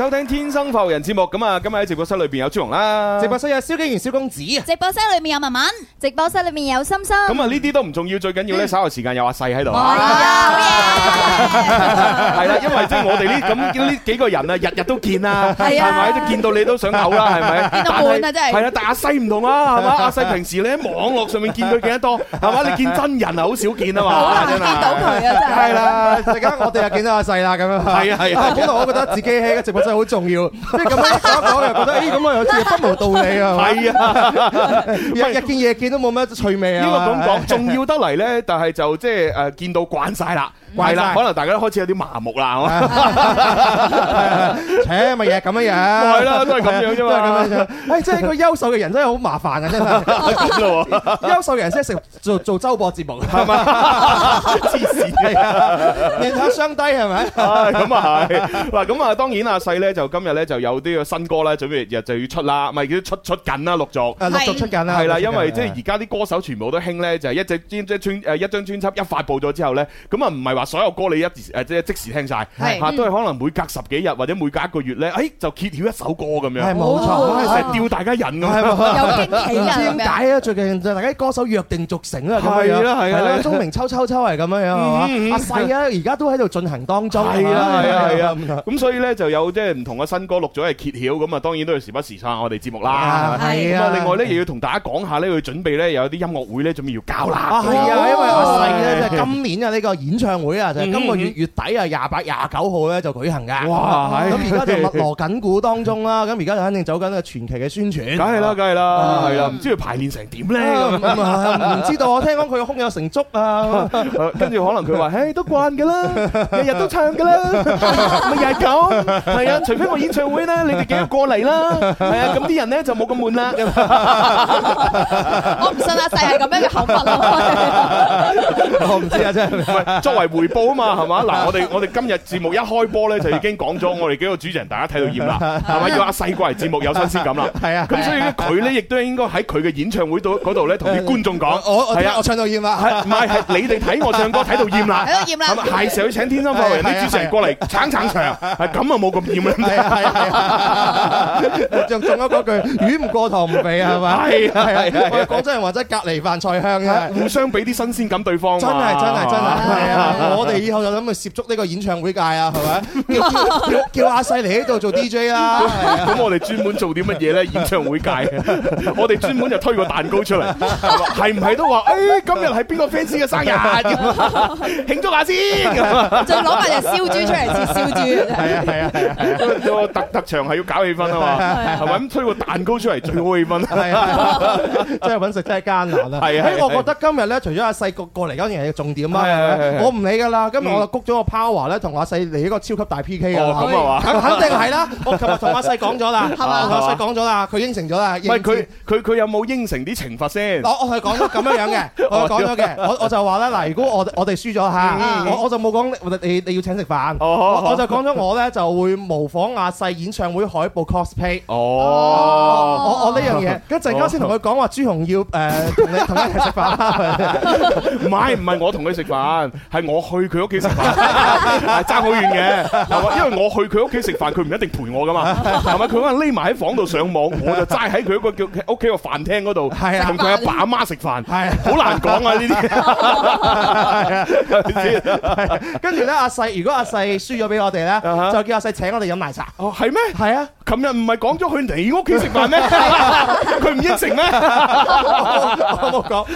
收聽天生浮人節目咁啊！今日喺直播室裏邊有朱紅啦，直播室有蕭景賢、蕭公子啊，直播室裡面有文文，直播室裡面有心心。咁啊，呢啲都唔重要，最緊要咧稍後時間有阿細喺度。係啊，好嘢！係啦，因為即係我哋呢咁呢幾個人啊，日日都見啦，係啊，即係見到你都想嘔啦，係咪？見到面啊，真係。係啊，但阿細唔同啦，係嘛？阿細平時你喺網絡上面見佢見得多，係嘛？你見真人啊，好少見啊嘛。好難見到佢啊，真係。係啦，而家我哋又見到阿細啦，咁樣。係啊係啊，本來我覺得自己喺個直播室。 一說一說就好重要，即係咁樣講一講，又覺得咦，咁樣又好似不無道理 啊，係啊 日，日日見夜見都冇乜趣味啊，呢、這個咁講吧重要得嚟咧，但係就即係誒見到慣晒啦。係啦，可能大家都開始有啲麻木啦，係嘛？ 乜嘢咁樣？係啦，都係咁樣啫嘛。誒，即係個優秀嘅人真係好麻煩啊！真係，個優秀嘅人先係做做周播節目，係 嘛經病？黐線嘅，人頭相低係咪？係咁啊，係 嗱、哎，咁啊，當然阿、啊、細咧就今日咧就有啲嘅新歌咧準備日就要出啦，咪叫、就是、出出緊啦，陸續，陸續是出緊啦，係啦，因為即係而家啲歌手全部都興咧，就係一隻專即係一張專輯一發布咗之後咧，咁啊唔係話。啊！所有歌你一誒即即時聽曬，嚇都係可能每隔十幾日或者每隔一個月咧，誒就揭曉一首歌咁樣，係冇錯，係吊大家人咁啊！有驚喜啊！點解啊？最近就大家啲歌手約定俗成啦，係啊係啊，聰明抽抽抽係咁樣樣。阿細啊，而家都喺度進行當中，係啊係啊係啊！咁所以咧就有即係唔同嘅新歌錄咗係揭曉，咁啊當然都有時不時撐我哋節目啦。係啊！另外咧又要同大家講下咧，佢準備咧有啲音樂會咧，準備要搞啦。啊係啊！因為阿細咧，即係今年嘅呢個演唱會。會啊，就係今個月月底啊，廿八、廿九號咧就舉行噶。哇，咁而家就密鑼緊鼓當中啦。咁而家就肯定走緊個傳奇嘅宣傳。梗係啦，梗係啦，係啊，唔知佢排練成點咧？唔知道，我聽講佢胸有成竹啊。跟住可能佢話：，唉，都慣㗎啦，日日都唱㗎啦，咪又係咁。係啊，除非我演唱會咧，你哋幾日過嚟啦？係啊，咁啲人咧就冇咁悶啦。我唔信阿細係咁樣嘅幸福啊！我唔知啊，真係。作為回報啊嘛，係嘛？嗱，我哋我哋今日節目一開播咧，就已經講咗我哋幾個主持人，大家睇到厭啦，係咪？要阿細過嚟節目有新鮮感啦，係啊。咁所以咧，佢咧亦都應該喺佢嘅演唱會度嗰度咧，同啲觀眾講，係啊，我唱到厭啦。唔係，係你哋睇我唱歌睇到厭啦。睇到厭啦。係，成日要請天心過來，啲主持人過嚟撐撐場，係咁啊，冇咁厭啦。係啊。仲仲有嗰句魚唔過塘唔肥啊，係嘛？係啊係啊。講真話真係隔離飯菜香啊，互相俾啲新鮮感對方。真係真係真係。我哋以後就諗去涉足呢個演唱會界啊，係咪？叫阿細嚟喺度做 DJ 啦、啊。咁 我哋專門做啲乜嘢咧？演唱會界，我哋專門就推個蛋糕出嚟，係唔係都話誒、欸？今日係邊個 fans 嘅生日，慶祝下先。就攞埋隻燒豬出嚟切燒豬。係啊係啊，啊！個特特長係要搞氣氛啊嘛，係咪？咁推個蛋糕出嚟最好氣氛。真係揾食真係艱難啊！誒、啊，我覺得今日咧，除咗阿細過過嚟，當然係重點啦。我唔理。今日我就谷咗個 power 咧，同阿細嚟一個超級大 PK 啊！肯定係啦，我琴日同阿細講咗啦，阿細講咗啦，佢應承咗啦。唔係佢佢佢有冇應承啲懲罰先？我我係講咗咁樣樣嘅，我講咗嘅，我我就話咧嗱，如果我我哋輸咗吓，我就冇講你你要請食飯，我就講咗我咧就會模仿阿細演唱會海報 cosplay。哦，我我呢樣嘢，一陣間先同佢講話，朱紅要誒同你同一齊食飯，唔係唔係我同佢食飯，係我。去佢屋企食飯，爭好 遠嘅哇，因為我去佢屋企食飯，佢唔一定陪我㗎嘛，係咪、啊？佢可能匿埋喺房度上，上網，我就齋喺佢個叫屋企個飯廳嗰度，同佢阿爸阿媽食飯，係好難講啊！呢啲跟住咧，阿細如果阿細輸咗俾我哋咧，就叫阿細請我哋飲奶茶。哦，係咩？係啊，琴、啊、日唔係講咗去你屋企食飯咩？佢 唔應承咩？ 我冇講，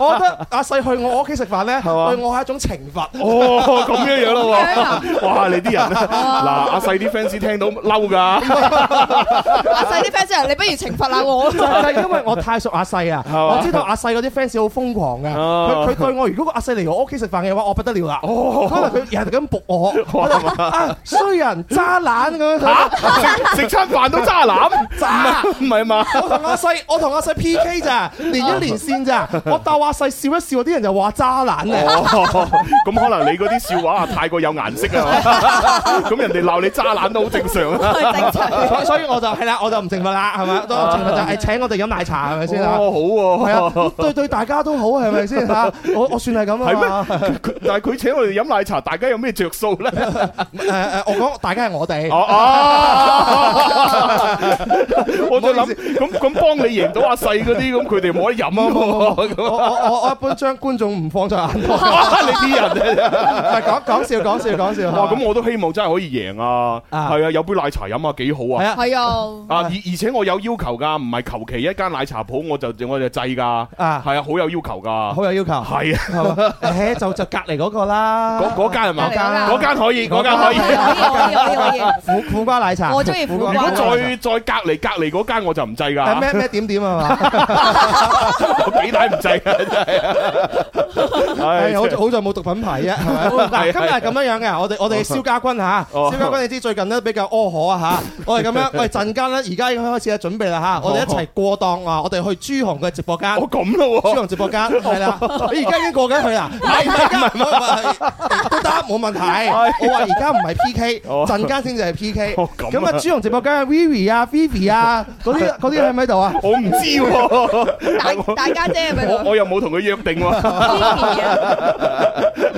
我覺得阿細去我屋企食飯咧，對、 啊、我係一種懲罰。哦，咁樣樣咯，哇！你啲人，嗱阿細啲 fans 聽到嬲噶，阿細啲 fans 你不如懲罰下我，就係因為我太熟阿細啊，我知道阿細嗰啲 fans 好瘋狂噶，佢佢對我，如果個阿細嚟我屋企食飯嘅話，我不得了啦，可能佢日日咁仆我，啊，衰人渣男咁樣，食食餐飯都渣男，唔係唔係嘛？我同阿細，我同阿細 PK 咋，連一連線咋，我逗阿細笑一笑，啲人就話渣男啊，咁。可能你嗰啲笑話啊太過有顏色啊，咁 人哋鬧你渣男都好正常啊。所以我就係啦、啊，我就唔懲罰啦，係咪啊？都懲罰就係請我哋飲奶茶係咪先，oh, 好啊？好喎，係啊，對對，對，大家都好係咪先 是是啊？我我算係咁啊。係咩？但係佢請我哋飲奶茶，大家有咩着數咧？誒誒， 我講大家係我哋。我就諗，咁咁幫你贏到阿細嗰啲，咁佢哋冇得飲啊！我我、啊、過 我一般將觀眾唔放在眼度。 你啲人～哇，講講笑，講笑，講笑。咁我都希望真係可以贏啊！係啊，有杯奶茶飲啊，幾好啊！係啊，係啊。啊，而而且我有要求噶，唔係求其一間奶茶鋪，我就我就制噶。啊，係啊，好有要求噶，好有要求。係啊，誒，就就隔籬嗰個啦。嗰嗰間係嘛？嗰間可以，嗰間可以。可可以，苦苦瓜奶茶，我中意苦瓜。如果再再隔籬隔籬嗰間，我就唔制噶。咩咩點點啊嘛？俾奶唔制啊，真係啊。係好，好在冇毒品係啊，嗱，今日咁樣樣嘅，我哋我哋蕭家軍吓，蕭家軍，你知最近咧比較屙可啊，吓，我哋咁樣，喂陣間咧，而家已經開始咧準備啦吓，我哋一齊過檔啊，我哋去朱紅嘅直播間，我咁咯，朱紅直播間係啦，你而家已經過緊去啦，唔係唔係唔係，都得冇問題，我話而家唔係 P K，陣間先至係 P K，咁啊朱紅直播間 Vivi 啊 Vivi 啊嗰啲嗰啲喺唔喺度啊？我唔知，大大家姐係咪？我我又冇同佢約定。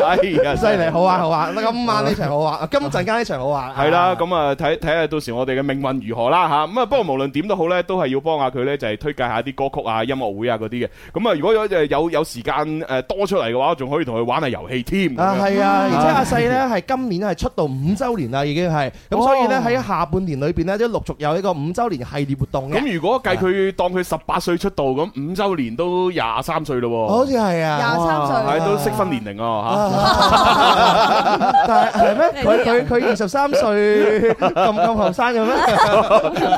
哎呀，犀利，好啊，好、嗯、啊，今晚呢場好啊，今陣間呢場好啊。係啦，咁啊，睇睇下到時我哋嘅命運如何啦吓。咁啊，不過無論點都好咧，都係要幫下佢咧，就係推介下啲歌曲啊、音樂會啊嗰啲嘅。咁啊，如果有有有時間誒多出嚟嘅話，仲可以同佢玩下遊戲添。啊，係啊，而且阿細咧，係今年係出道五周年啦，已經係。咁所以咧喺下半年裏邊咧都陸續有呢個五周年系列活動咁、哦啊、如果計佢是、啊、當佢十八歲出道，咁五周年都廿三歲咯。好似係啊，廿三歲，係都適婚年齡啊吓。啊啊、但係係咩？佢佢佢二十三歲，咁咁後生嘅咩？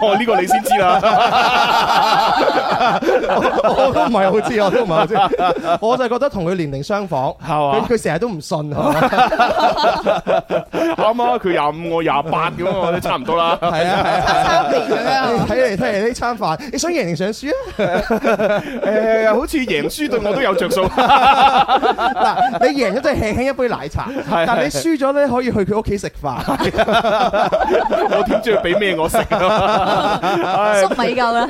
我呢、啊這個你先知啦， 我都唔係好知，我都唔係好知。我就覺得同佢年齡相仿，係嘛？佢成日都唔信，啱啱佢廿五，25, 我廿八，咁我哋差唔多啦。係啊，啊啊差唔多。睇嚟睇嚟呢餐飯，你想贏定想輸啊？誒， 好似贏輸對我都 有着數、嗯。嗱、 哎，你贏咗對。輕輕一杯奶茶，但你輸咗咧，可以去佢屋企食飯。我點知要俾咩我食？粟米夠啦。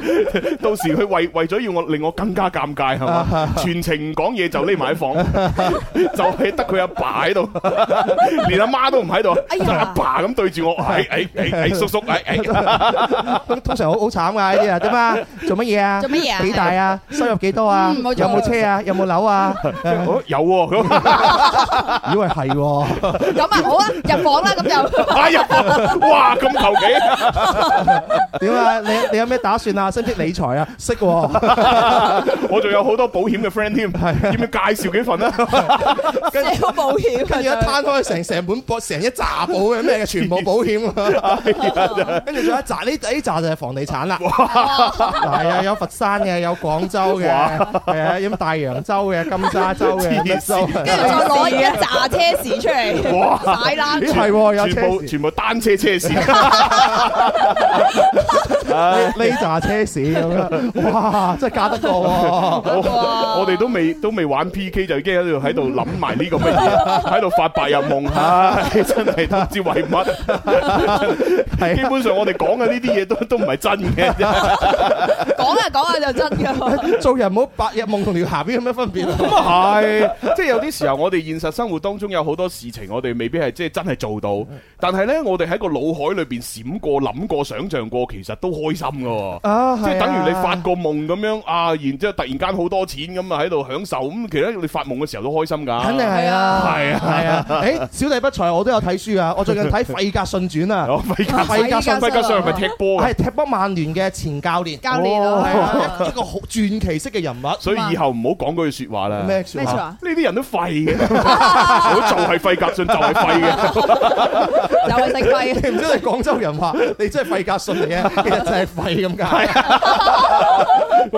到時佢為為咗要我，令我更加尷尬，係嘛？全程唔講嘢，就匿埋喺房，就係得佢阿爸喺度，連阿媽都唔喺度。阿爸咁對住我，係誒誒誒，叔叔誒誒。通常好好慘噶呢啲啊，點啊？做乜嘢啊？做乜嘢啊？幾大啊？收入幾多啊？有冇車啊？有冇樓啊？有咁。以為係，咁啊好啊，入房啦，咁就入房，哇咁求其，點啊？你你有咩打算啊？識唔識理財啊？識，我仲有好多保險嘅 friend 添，要唔要介紹幾份咧？跟住保險，跟住攤開成成本，成一紮保嘅咩全部保險，跟住仲有一紮呢？呢紮就係房地產啦，嗱啊，有佛山嘅，有廣州嘅，係啊，有大洋洲嘅，金沙洲嘅，跟住再攞。一揸車匙出嚟，踩爛，係全部全部單車車匙呢揸車匙咁樣，哇，真係嫁得過。我哋都未都未玩 P K，就已經喺度喺度諗埋呢個乜嘢，喺度發白日夢，真係都唔知為乜。基本上我哋講嘅呢啲嘢都都唔係真嘅，講下講下就真嘅。做人冇白日夢同條下邊有咩分別？咁啊係，即係有啲時候我哋現。實生活當中有好多事情，我哋未必係即係真係做到，但係咧，我哋喺個腦海裏邊閃過、諗過、想象過、過，其實都開心噶，即係、啊、等於你發個夢咁樣啊，然之後突然間好多錢咁啊喺度享受，咁、嗯、其實你發夢嘅時候都開心噶、啊，肯定係啊，係啊，係啊，誒、哎，小弟不才，我都有睇書啊，我最近睇費、哦、格遜傳、哦哦、啊，費格費格費格遜係咪踢波啊？係踢波曼聯嘅前教練，教練啊，一個好傳奇式嘅人物，哦、所以以後唔好講嗰句說話啦，咩說話？呢啲人都廢嘅。我就係費格遜，就係廢嘅，又係食廢。你唔知你廣州人話，你真係費格遜嚟嘅，其實啊，真係廢咁解，係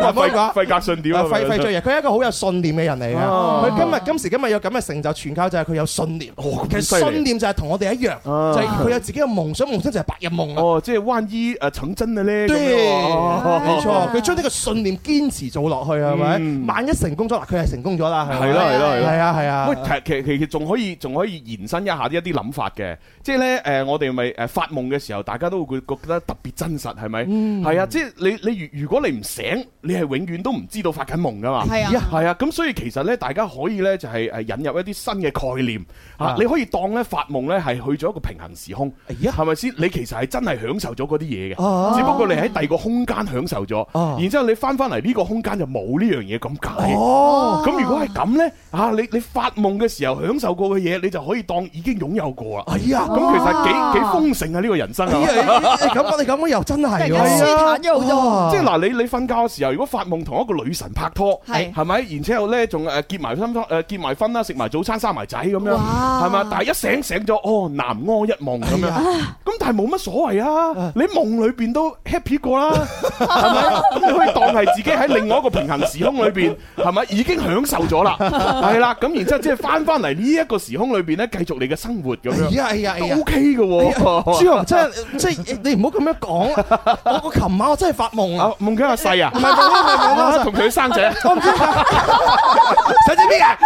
啊，廢話，費格遜點啊？廢廢最型。佢係一個好有信念嘅人嚟嘅。佢今日今時今日有咁嘅成就，全靠就係佢有信念。其實信念就係同我哋一樣，就係佢有自己嘅夢想，夢想就係白日夢哦，即係萬一誒成真嘅咧，對，冇錯。佢將呢個信念堅持做落去係咪？萬一成功咗嗱，佢係成功咗啦。係啦係啦係。係啊係啊。其其實仲可以仲可以延伸一下呢一啲諗法嘅，即係咧誒，我哋咪誒發夢嘅時候，大家都會覺得特別真實，係咪？嗯，係啊，即係你你如如果你唔醒，你係永遠都唔知道發緊夢噶嘛？係是啊，哎、啊，係啊，咁所以其實咧，大家可以咧就係誒引入一啲新嘅概念吓，是啊，你可以當咧發夢咧係去咗一個平行時空，係咪先？你其實係真係享受咗嗰啲嘢嘅，啊，只不過你喺第二個空間享受咗，啊，然之後你翻翻嚟呢個空間就冇呢樣嘢咁解。哦，咁如果係咁咧，啊，你你發夢。嘅時候享受過嘅嘢，你就可以當已經擁有過啦。哎呀，咁其實幾幾豐盛啊呢個人生啊！你咁講，你咁講又真係啊！即係嗱，你你瞓覺嘅時候，如果發夢同一個女神拍拖，係係咪？然之後咧，仲誒結埋新婚誒結埋婚啦，食埋早餐，生埋仔咁樣，係咪？但係一醒醒咗，哦，南柯一夢咁樣。咁但係冇乜所謂啊！你夢裏邊都 happy 過啦，係咪？咁你可以當係自己喺另外一個平行時空裏邊，係咪已經享受咗啦？係啦，咁然之後即係翻翻嚟呢一個時空裏邊咧，繼續你嘅生活咁樣，O K 㗎。朱浩，即係即係你唔好咁樣講，我琴晚我真係發夢啊，夢佢阿細啊，唔係夢緊係咪啊？同佢生仔。我唔知啊，想知邊啊？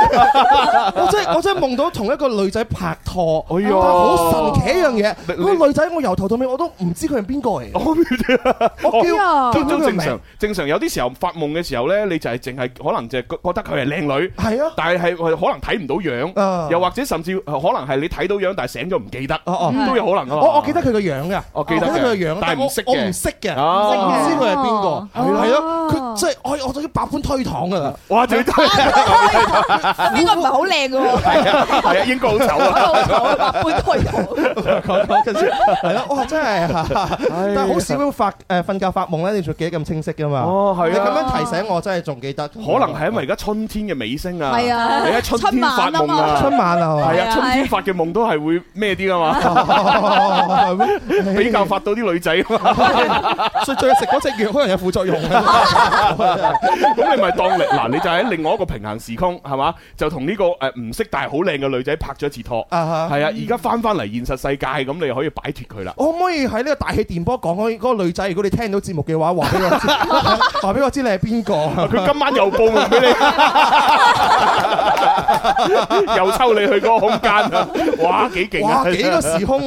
我真係我真係夢到同一個女仔拍拖。哎呀，好神奇一樣嘢，嗰個女仔我由頭到尾我都唔知佢係邊個嚟。我唔知啊，我叫，都正常。正常有啲時候發夢嘅時候咧，你就係淨係可能就係覺得佢係靚女，係啊，但係係可能睇唔到。樣，又或者甚至可能係你睇到樣，但係醒咗唔記得，都有可能。我我記得佢個樣噶，我記得佢個樣，但係我唔識嘅，唔識嘅，唔知佢係邊個。係咯，佢即係我我都要百般推搪噶啦。哇，仲要推搪，應該唔係好靚噶喎。係啊，應該好醜啊。百般推搪，講係咯，哇，真係，但係好少會發誒，瞓覺發夢咧，你仲記得咁清晰噶嘛？哦，係你咁樣提醒我，真係仲記得。可能係因為而家春天嘅尾聲啊，係啊，你喺春天夢啊，春晚啊，係啊，春天發嘅夢都係會咩啲㗎嘛， 比較發到啲女仔，所以再食嗰隻藥可能有副作用啊。 咁你咪當嚟嗱，你就喺另外一個平行時空，係嘛，就同呢個誒唔識但係好靚嘅女仔拍咗一次拖，係 啊，而家翻翻嚟現實世界，咁你可以擺脫佢啦。我可唔可以喺呢個大氣電波講開嗰個女仔？如果你聽到節目嘅話，話俾我知，話 俾我知你你係邊個？佢 今晚又報俾你。 又抽你去嗰個空間啊！哇，幾勁啊！哇，幾個時空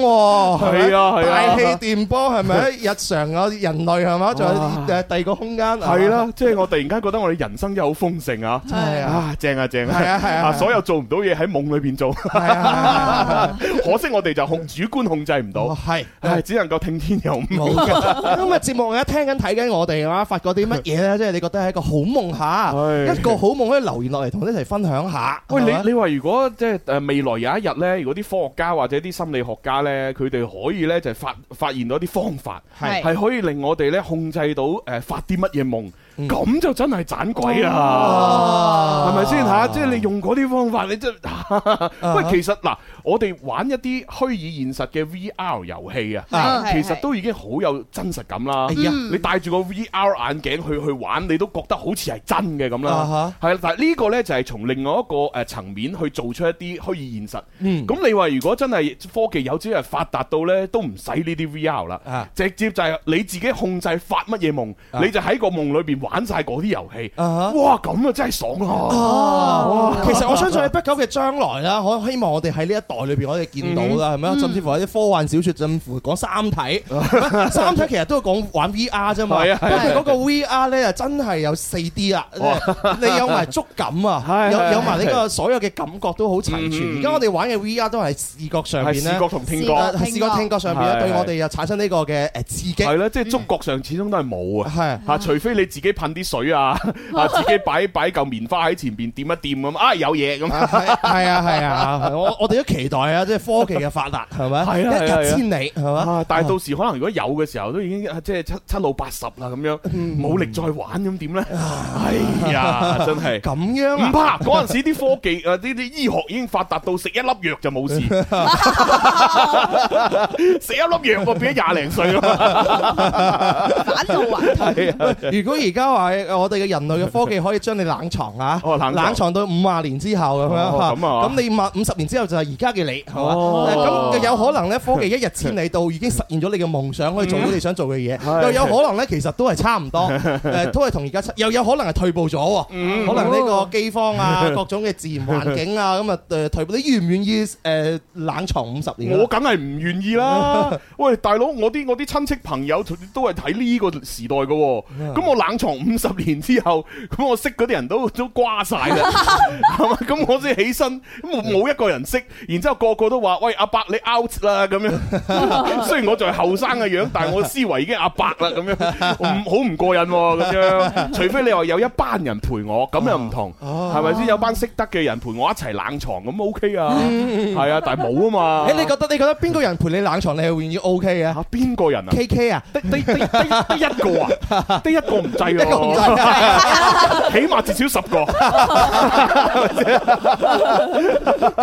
係啊係啊，大氣電波係咪？日常啊，人類係嘛？仲有誒第二個空間係啦，即係我突然間覺得我哋人生真係好豐盛啊！係啊，正啊正啊！係啊係啊！所有做唔到嘢喺夢裏邊做，係啊！可惜我哋就控主觀控制唔到，係係只能夠聽天由命。今日節目我一聽緊睇緊我哋啊，發覺啲乜嘢咧？即係你覺得係一個好夢吓，係一個好夢咧，可以留言落嚟同你一齊分享下。喂，你你話。喂，因為如果即係誒未來有一日呢，如果啲科學家或者啲心理學家呢，佢哋可以呢，就發發現到啲方法，係是可以令我哋呢控制到誒、呃、發啲乜嘢夢。咁、嗯、就真係盞鬼啊！係咪先吓？是是啊、即係你用啲方法，你真喂、 uh huh. 其實嗱，我哋玩一啲虛擬現實嘅 VR 遊戲啊，uh huh. 其實都已經好有真實感啦。Uh huh. 你戴住個 VR 眼鏡去去玩，你都覺得好似係真嘅咁啦。係啦、uh huh.，但係呢個咧就係從另外一個誒層面去做出一啲虛擬現實。咁、uh huh. 你話如果真係科技有朝一日發達到咧，都唔使呢啲 VR 啦，uh huh. 直接就係你自己控制發乜嘢夢，uh huh. 你就喺個夢裏邊。玩晒嗰啲遊戲，哇咁啊真係爽啊！啊，其實我相信喺不久嘅將來啦，我希望我哋喺呢一代裏邊，我哋見到啦，係咪？甚至乎有啲科幻小説，甚至乎講三體，三體其實都係講玩 VR 啫嘛。不過嗰個 VR 咧，真係有四 D 啊！你有埋觸感啊，有有埋呢個所有嘅感覺都好齊全。而家我哋玩嘅 VR 都係視覺上邊咧，視覺同聽覺，視覺聽覺上邊咧，對我哋又產生呢個嘅誒刺激。係即係觸覺上始終都係冇啊。係嚇，除非你自己。噴啲水啊！啊，自己擺擺嚿棉花喺前邊，掂一掂咁啊，有嘢咁。係啊，係啊， 我我哋都期待啊，即係科技嘅發達，係咪 吧？係啊，一日千里，係嘛、啊？但係到時可能如果有嘅時候，都已經即係七七老八十啦，咁樣冇力再玩，咁點咧？哎、啊，係 啊，真係咁樣。唔怕嗰陣時啲科技啊，呢啲醫學已經發達到食一粒藥就冇事，食 一粒藥變咗廿零歲咯，反到核突。如果而家家話：我哋嘅人類嘅科技可以將你冷藏啊！冷藏到五啊年之後咁樣，咁你五十年之後就係而家嘅你係嘛？哦，有可能咧，科技一日千里到已經實現咗你嘅夢想，可以做到你想做嘅嘢。又有可能咧，其實都係差唔多，都係同而家出。又有可能係退步咗，可能呢個飢荒啊，各種嘅自然環境啊，咁啊誒退步。你願唔願意誒冷藏五十年？我梗係唔願意啦！喂，大佬，我啲我啲親戚朋友都係睇呢個時代嘅喎，咁我冷藏。五十年之後，咁我識嗰啲人都都瓜晒啦，係嘛？咁我先起身，咁冇冇一個人識，然之後個個都話，喂，阿伯你 out 啦咁樣。雖然我仲係後生嘅樣，但係我思維已經阿伯啦咁樣，好唔過癮咁樣。除非你話有一班人陪我，咁又唔同，係咪先？有班識得嘅人陪我一齊冷藏咁 OK 啊？係啊，但係冇啊嘛。誒，你覺得你覺得邊個人陪你冷藏你係願意 OK 嘅吓？邊個人啊？K K 啊？得得得一個啊？得一個唔制起碼至少十個，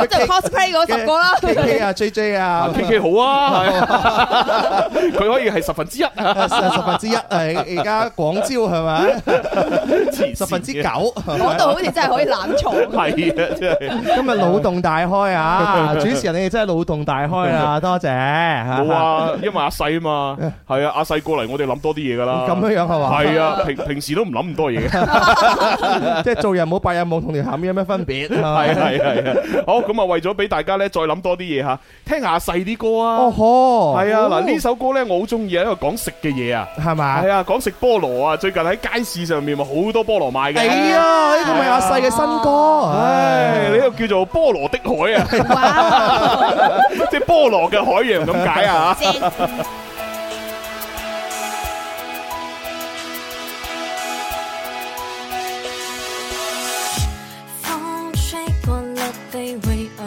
就 cosplay 嗰十個啦。KK 啊，J J 啊，KK 好啊，佢可以係十分之一，十分之一係而家廣招係咪？十分之九，嗰度好似真係可以攬重。係啊，即係。今日腦洞大開啊！主持人你哋真係腦洞大開啊！多謝。冇啊，因為阿細啊嘛，係啊，阿細過嚟我哋諗多啲嘢噶啦。咁樣樣係嘛？係啊。平時都唔諗咁多嘢，即係做人冇白日冇，同你下面有咩分別？系系係啊！好咁啊，為咗俾大家咧再諗多啲嘢吓，聽下阿細啲歌啊！哦，係啊！嗱，呢首歌咧我好中意啊，因爲講食嘅嘢啊，係嘛？係啊，講食菠蘿啊！最近喺街市上面咪好多菠蘿賣嘅。哎呀，呢個咪阿細嘅新歌，唉，呢個叫做菠蘿的海啊，即係菠蘿嘅海洋咁解啊！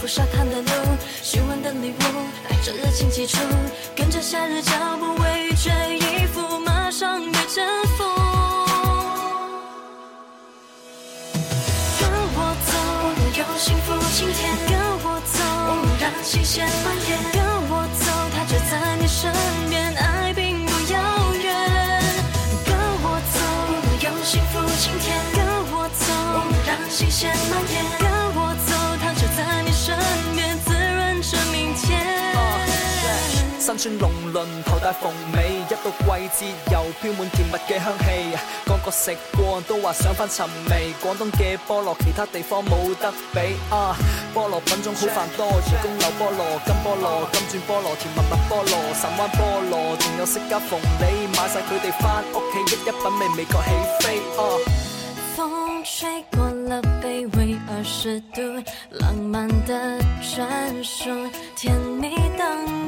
鋪沙灘的路，詢問的禮物，帶着熱情寄出，跟着夏日腳步，圍覺衣服，馬上被征服。跟我走，我有幸福晴天。跟我走，我讓新鮮蔓延。跟我走，它就在你身邊，愛並不遙遠。跟我走，我擁有幸福晴天。跟我走，讓新鮮蔓延。穿龍鱗頭戴鳳尾，一到季節又飄滿甜蜜嘅香氣，個個食過都話想翻尋味。廣東嘅菠蘿，其他地方冇得比啊！菠蘿品種好繁多，如公牛菠蘿、金菠蘿、金鑽菠蘿、甜蜜蜜菠蘿、神灣菠蘿，仲有釋迦鳳梨，買晒佢哋翻屋企，一一品味味覺起飛。風吹過了，被圍二十度，浪漫的傳說，甜蜜等。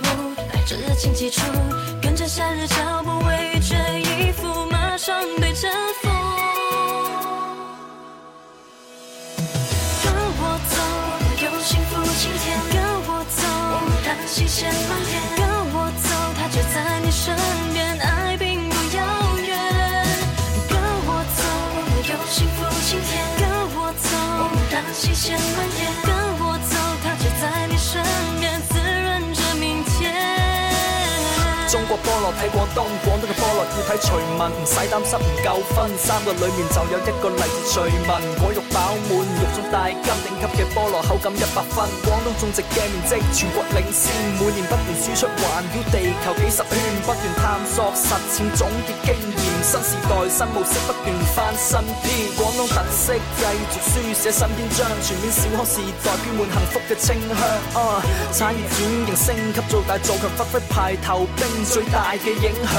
愛着熱情接觸，跟着夏日腳步，味覺已負，馬上被征服。跟我走，有幸福晴天。跟我走，讓新鮮蔓延。跟我走，他就在你身邊，愛並不遙遠。跟我走，有幸福晴天。跟我走，讓新鮮蔓延。跟我走，他就在你身。中國菠蘿睇廣東，廣東嘅菠蘿要睇徐聞，唔使擔心唔夠分，三個裏面就有一個嚟徐聞，果肉。飽滿肉中大金，頂級嘅菠蘿口感一百分。廣東種植嘅面積全國領先，每年不斷輸出環繞地球幾十圈，不斷探索實踐總結經驗，新時代新模式不斷翻新篇。廣東特色繼續書寫新篇章，全面小康時代飄滿幸福嘅清香。產業轉型升級做大做強，發揮排頭兵最大嘅影響。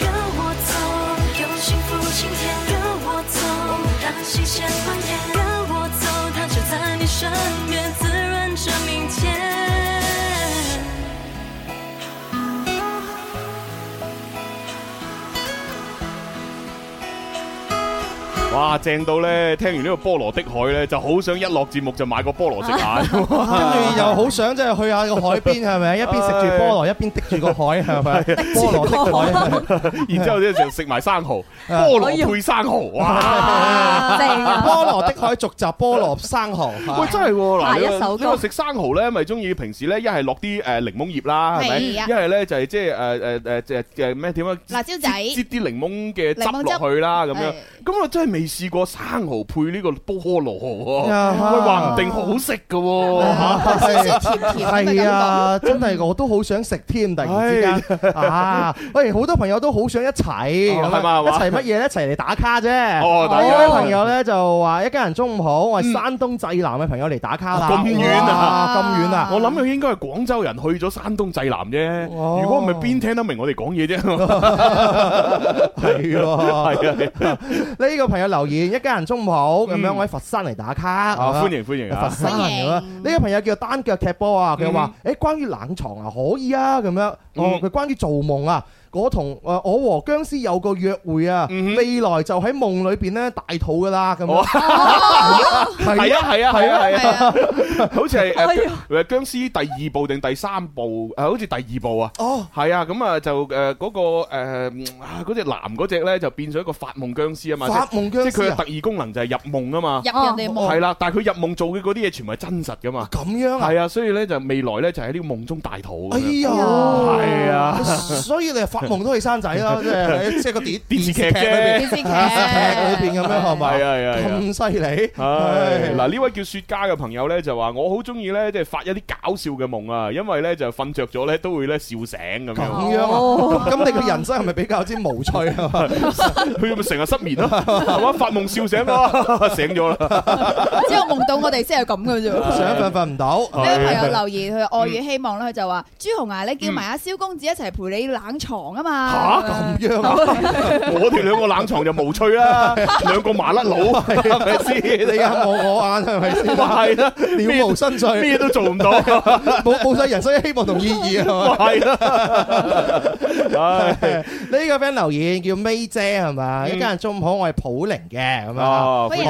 跟我走，有幸福晴天。讓新鮮蔓延，跟我走，它就在你身邊，滋潤着明天。哇正到咧！聽完呢個菠蘿的海咧，就好想一落節目就買個菠蘿食下，跟住又好想即係去下個海邊，係咪？一邊食住菠蘿，一邊滴住個海，係咪？菠蘿的海，然之後咧就食埋生蠔，菠蘿配生蠔，哇正！菠蘿的海續集菠蘿生蠔，喂真係喎，嗱呢個食生蠔咧，咪中意平時咧一係落啲誒檸檬葉啦，係咪？一係咧就係即係誒誒誒即係咩點啊？辣椒仔擠啲檸檬嘅汁落去啦，咁樣咁我真係未試過生蠔配呢個煲柯羅蠔啊喂，話唔定好食噶。係啊，真係我都好想食添。突然之間喂，好多朋友都好想一齊，一齊乜嘢？一齊嚟打卡啫。有啲朋友咧就話一家人中午好，我係山東濟南嘅朋友嚟打卡啦。咁遠啊，咁遠啊！我諗佢應該係廣州人去咗山東濟南啫。如果唔係邊聽得明我哋講嘢啫？係啊，係啊，呢個朋友。留言，一家人中午好咁、嗯、樣，我喺佛山嚟打卡。啊、是是歡迎歡迎、啊、佛山人，呢個迎朋友叫單腳踢波啊，佢話誒，關於冷藏啊，可以啊，咁樣。哦，佢關於做夢啊，我同誒我和僵屍有個約會啊，未來就喺夢裏邊咧大肚噶啦，咁樣係啊係啊係啊係啊，好似係僵屍第二部定第三部誒，好似第二部啊，哦，係啊，咁啊就誒嗰個誒啊嗰隻男嗰隻咧就變咗一個發夢僵屍啊嘛，發夢僵屍，即係佢嘅特異功能就係入夢啊嘛，入人哋夢係啦，但係佢入夢做嘅嗰啲嘢全部係真實噶嘛，咁樣啊，係啊，所以咧就未來咧就喺呢個夢中大肚。哎呀。係啊，所以你發夢都可以生仔咯，即係即係個電電視劇嘅電視劇裏邊咁樣係咪啊？咁犀利！係嗱呢位叫雪家嘅朋友咧就話：我好中意咧即係發一啲搞笑嘅夢啊，因為咧就瞓着咗咧都會咧笑醒咁樣。咁樣啊？咁你個人生係咪比較之無趣啊？佢咪成日失眠咯，係嘛？我發夢笑醒咯，醒咗啦。之後夢到我哋先係咁嘅啫。想瞓瞓唔到。呢位朋友留言佢愛與希望咧，佢就話：朱紅霞咧叫埋阿蕭。公子一齊陪你冷藏啊嘛！吓咁樣，我哋兩個冷藏就無趣啦，兩個麻甩佬係咪先？你啊，望我眼係咪先？係啦，了無生趣，咩都做唔到，冇冇晒人生希望同意義係嘛？係啦，呢個 friend 留言叫 May 姐係嘛？一家人中午好，我係普寧嘅咁樣。歡迎，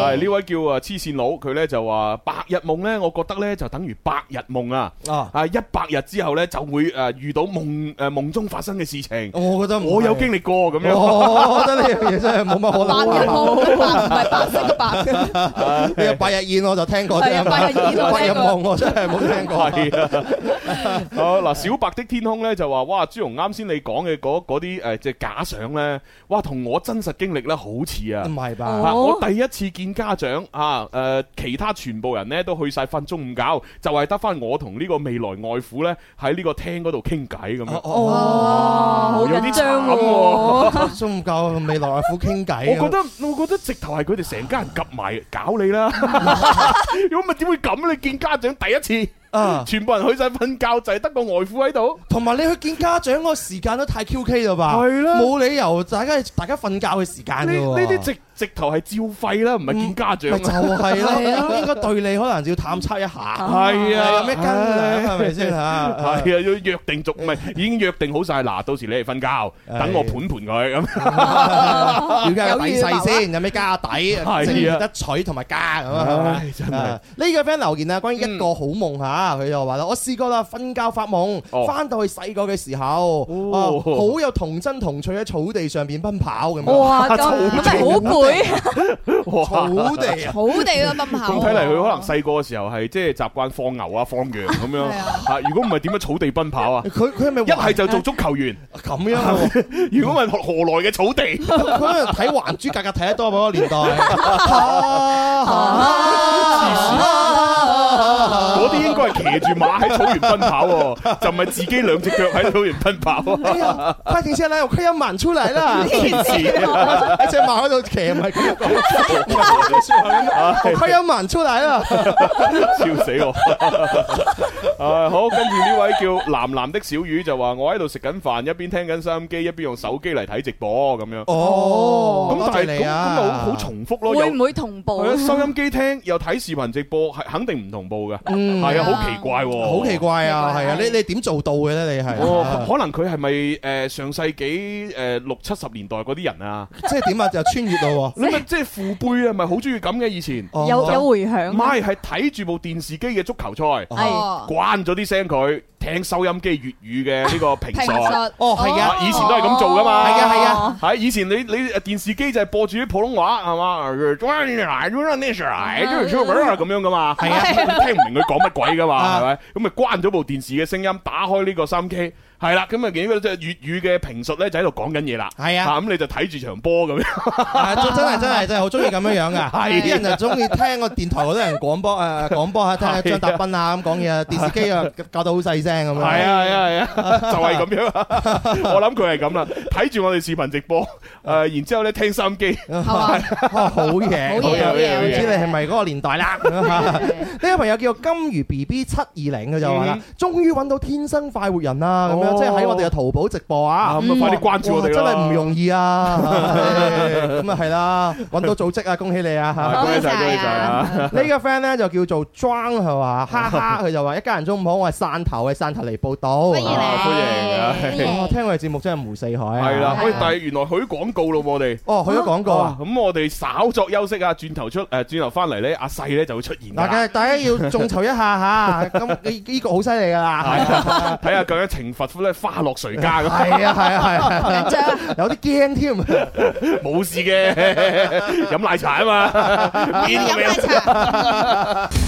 係呢位叫啊黐線佬，佢咧就話白日夢咧，我覺得咧就等於白日夢啊，啊一百日之後咧就會。會誒遇到夢誒夢中發生嘅事情，我覺得我有經歷過咁樣、哦得，真嘢，真係冇乜可能。白日夢唔係白日夢，你嘅白日宴我就聽過，白、啊、日夢我真係冇聽過。好嗱，小白的天空咧就話，哇！朱紅啱先你講嘅嗰啲誒即係假想咧，哇！同我真實經歷咧好似啊，唔係吧？我第一次見家長啊，誒，其他全部人咧都去晒瞓中午覺，就係得翻我同呢個未來外父咧喺呢個。廳嗰度傾偈咁，哦，有啲張喎，仲唔夠，同未來岳父傾偈，我覺得，我覺得直頭係佢哋成家人夾埋搞你啦，咁咪點會咁，你見家長第一次。啊！全部人去晒瞓覺，就係得個外父喺度。同埋你去見家長個時間都太 Q K 啦吧？係啦，冇理由，大家大家瞓覺嘅時間呢啲直直頭係照肺啦，唔係見家長。咪就係咯，應該對你可能要探測一下。係啊，有咩跟啊？係咪先啊？係啊，要約定俗唔係已經約定好晒嗱，到時你嚟瞓覺，等我盤盤佢咁。有啲底細先有咩家底，即係得取同埋加咁啊！真係呢個 friend 留言啊，關於一個好夢吓。啊！佢又話啦，我試過啦，瞓覺發夢，翻、哦、到去細個嘅時候，好有童真童趣喺草地上邊奔跑咁樣，哇！咁咪好攰，草地，草地啊，奔跑！下。睇嚟佢可能細個嘅時候係即係習慣放牛啊、放羊咁樣。係，如果唔係點樣草地奔跑啊？佢佢係咪一係就做足球員咁樣？如果問何來嘅草地？佢可能睇《還珠格格》睇得多嗰年代。嗰啲。都係騎住馬喺草原奔跑， 就唔係自己兩隻腳喺草原奔跑、哎。快停下啦！佢一慢出嚟啦！以一隻馬喺度騎咪？佢一慢出嚟啦！笑死我！ 啊、好，跟住呢位叫藍藍的小魚就話：我喺度食緊飯，一邊聽緊收音機，一邊用手機嚟睇直播咁樣。哦，咁、嗯、但係咁咁好好重複咯，會唔會同步？收音機聽又睇視頻直播，係肯定唔同步嘅。嗯，係啊對。 好奇怪喎！嗯、好奇怪啊，係、嗯、吧啊，你你點做到嘅咧？你係、啊哦、可能佢係咪誒上世紀誒、呃、六七十年代嗰啲人啊？即係點啊？就穿越咯！你咪即係父輩啊，係咪好中意咁嘅以前有、哦、就有回響、啊。唔係，係睇住部電視機嘅足球賽，係關咗啲聲佢。啊聽收音機粵語嘅呢個評述、啊，哦係啊，以前都係咁做噶嘛，係啊係啊，係、啊、以前你你電視機就係播住啲普通話係嘛，咁樣噶嘛，係啊，聽唔明佢講乜鬼噶嘛，係咪？咁咪關咗部電視嘅聲音，打開呢個收音機。係啦，咁啊，見到即係粵語嘅評述咧，就喺度講緊嘢啦。係啊，咁你就睇住場波咁樣，真係真係真係好中意咁樣樣噶。係啲人就中意聽個電台嗰啲人廣播啊，廣播啊，聽下張達斌啊咁講嘢，啊，電視機啊搞到好細聲咁樣。係啊係啊，啊，就係咁樣。我諗佢係咁啦，睇住我哋視頻直播，誒，然之後咧聽收音機。好嘢，好嘢，唔知你係咪嗰個年代啦？呢個朋友叫金魚 B B 七二零嘅就話，終於揾到天生快活人啦即係喺我哋嘅淘寶直播啊！咁啊，快啲關注我哋真係唔容易啊！咁啊，係啦，揾到組織啊，恭喜你啊！多謝啊！呢個 friend 咧就叫做 John 佢話：哈哈，佢就話一家人中唔好，我係汕頭，喺汕頭嚟報到。歡迎你，歡迎啊！聽佢嘅節目真係無四海啊！係啦，喂，但係原來去廣告咯，我哋哦，去咗廣告啊！咁我哋稍作休息啊，轉頭出誒，轉頭翻嚟咧，阿細咧就會出現。嗱，嘅大家要眾籌一下嚇，咁呢個好犀利㗎啦！睇下究竟懲罰。花落誰家咁？係啊係啊係啊，即係、啊啊啊、 有啲驚添。冇 事嘅，飲奶茶啊嘛，要飲 奶茶。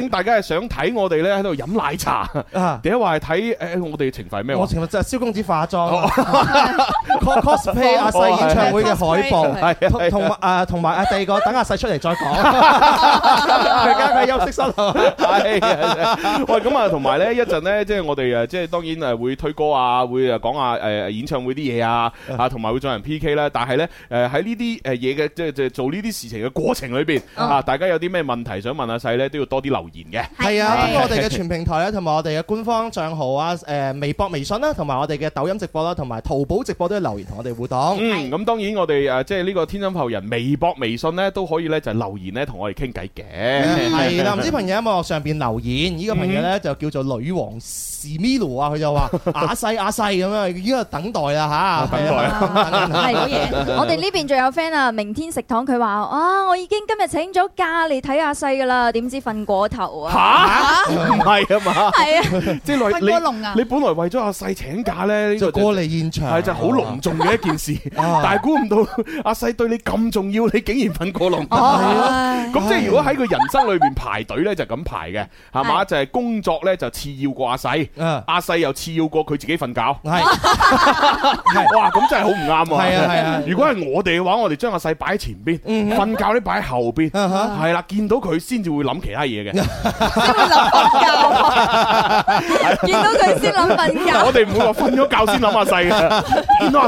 咁大家係想睇我哋咧喺度飲奶茶，定、啊、一話係睇誒我哋嘅懲罰係咩？我懲罰就係蕭公子化妝。cosplay 阿細演唱會嘅海報，同同誒同埋阿第二個等阿細出嚟再講大家嘅休息室。係，喂咁啊，同埋咧一陣咧，即係我哋誒即係當然誒會推歌啊，會誒講下誒演唱會啲嘢啊，啊同埋會再人 P K 啦。但係咧誒喺呢啲誒嘢嘅即係即係做呢啲事情嘅，就是，過程裏邊啊，大家有啲咩問題想問阿細咧，都要多啲留言嘅。係啊，喺、嗯、我哋嘅全平台咧，同埋我哋嘅官方賬號啊，誒微博、微信啦，同埋我哋嘅抖音直播啦，同埋淘寶直播都要留留言同我哋互動，嗯，咁當然，我哋誒即係呢個天津後人微博、微信咧都可以咧就留言咧同我哋傾偈嘅，係，唔知朋友有冇上邊留言？呢個朋友咧就叫做女王斯米露啊，佢就話阿細阿細，咁樣，依家等待啊。吓，等待。係好嘢。我哋呢邊仲有 friend 啊，明天食堂佢話啊，我已經今日請咗假嚟睇阿細㗎啦，點知瞓過頭啊？吓？唔係啊嘛，係啊，即係你你本來為咗阿細請假咧，就過嚟現場，係就好龍。重要嘅一件事，但係估唔到阿細對你咁重要，你竟然瞓過龍，咁即係如果喺佢人生裏邊排隊咧，就咁排嘅，係嘛？就係工作咧就次要過阿細，阿細又次要過佢自己瞓覺，哇！咁真係好唔啱啊！係啊係啊！如果係我哋嘅話，我哋將阿細擺喺前邊，瞓覺咧擺喺後邊，係啦，見到佢先至會諗其他嘢嘅，諗瞓覺，見到佢先諗瞓覺，我哋唔會話瞓咗覺先諗阿細嘅，見到。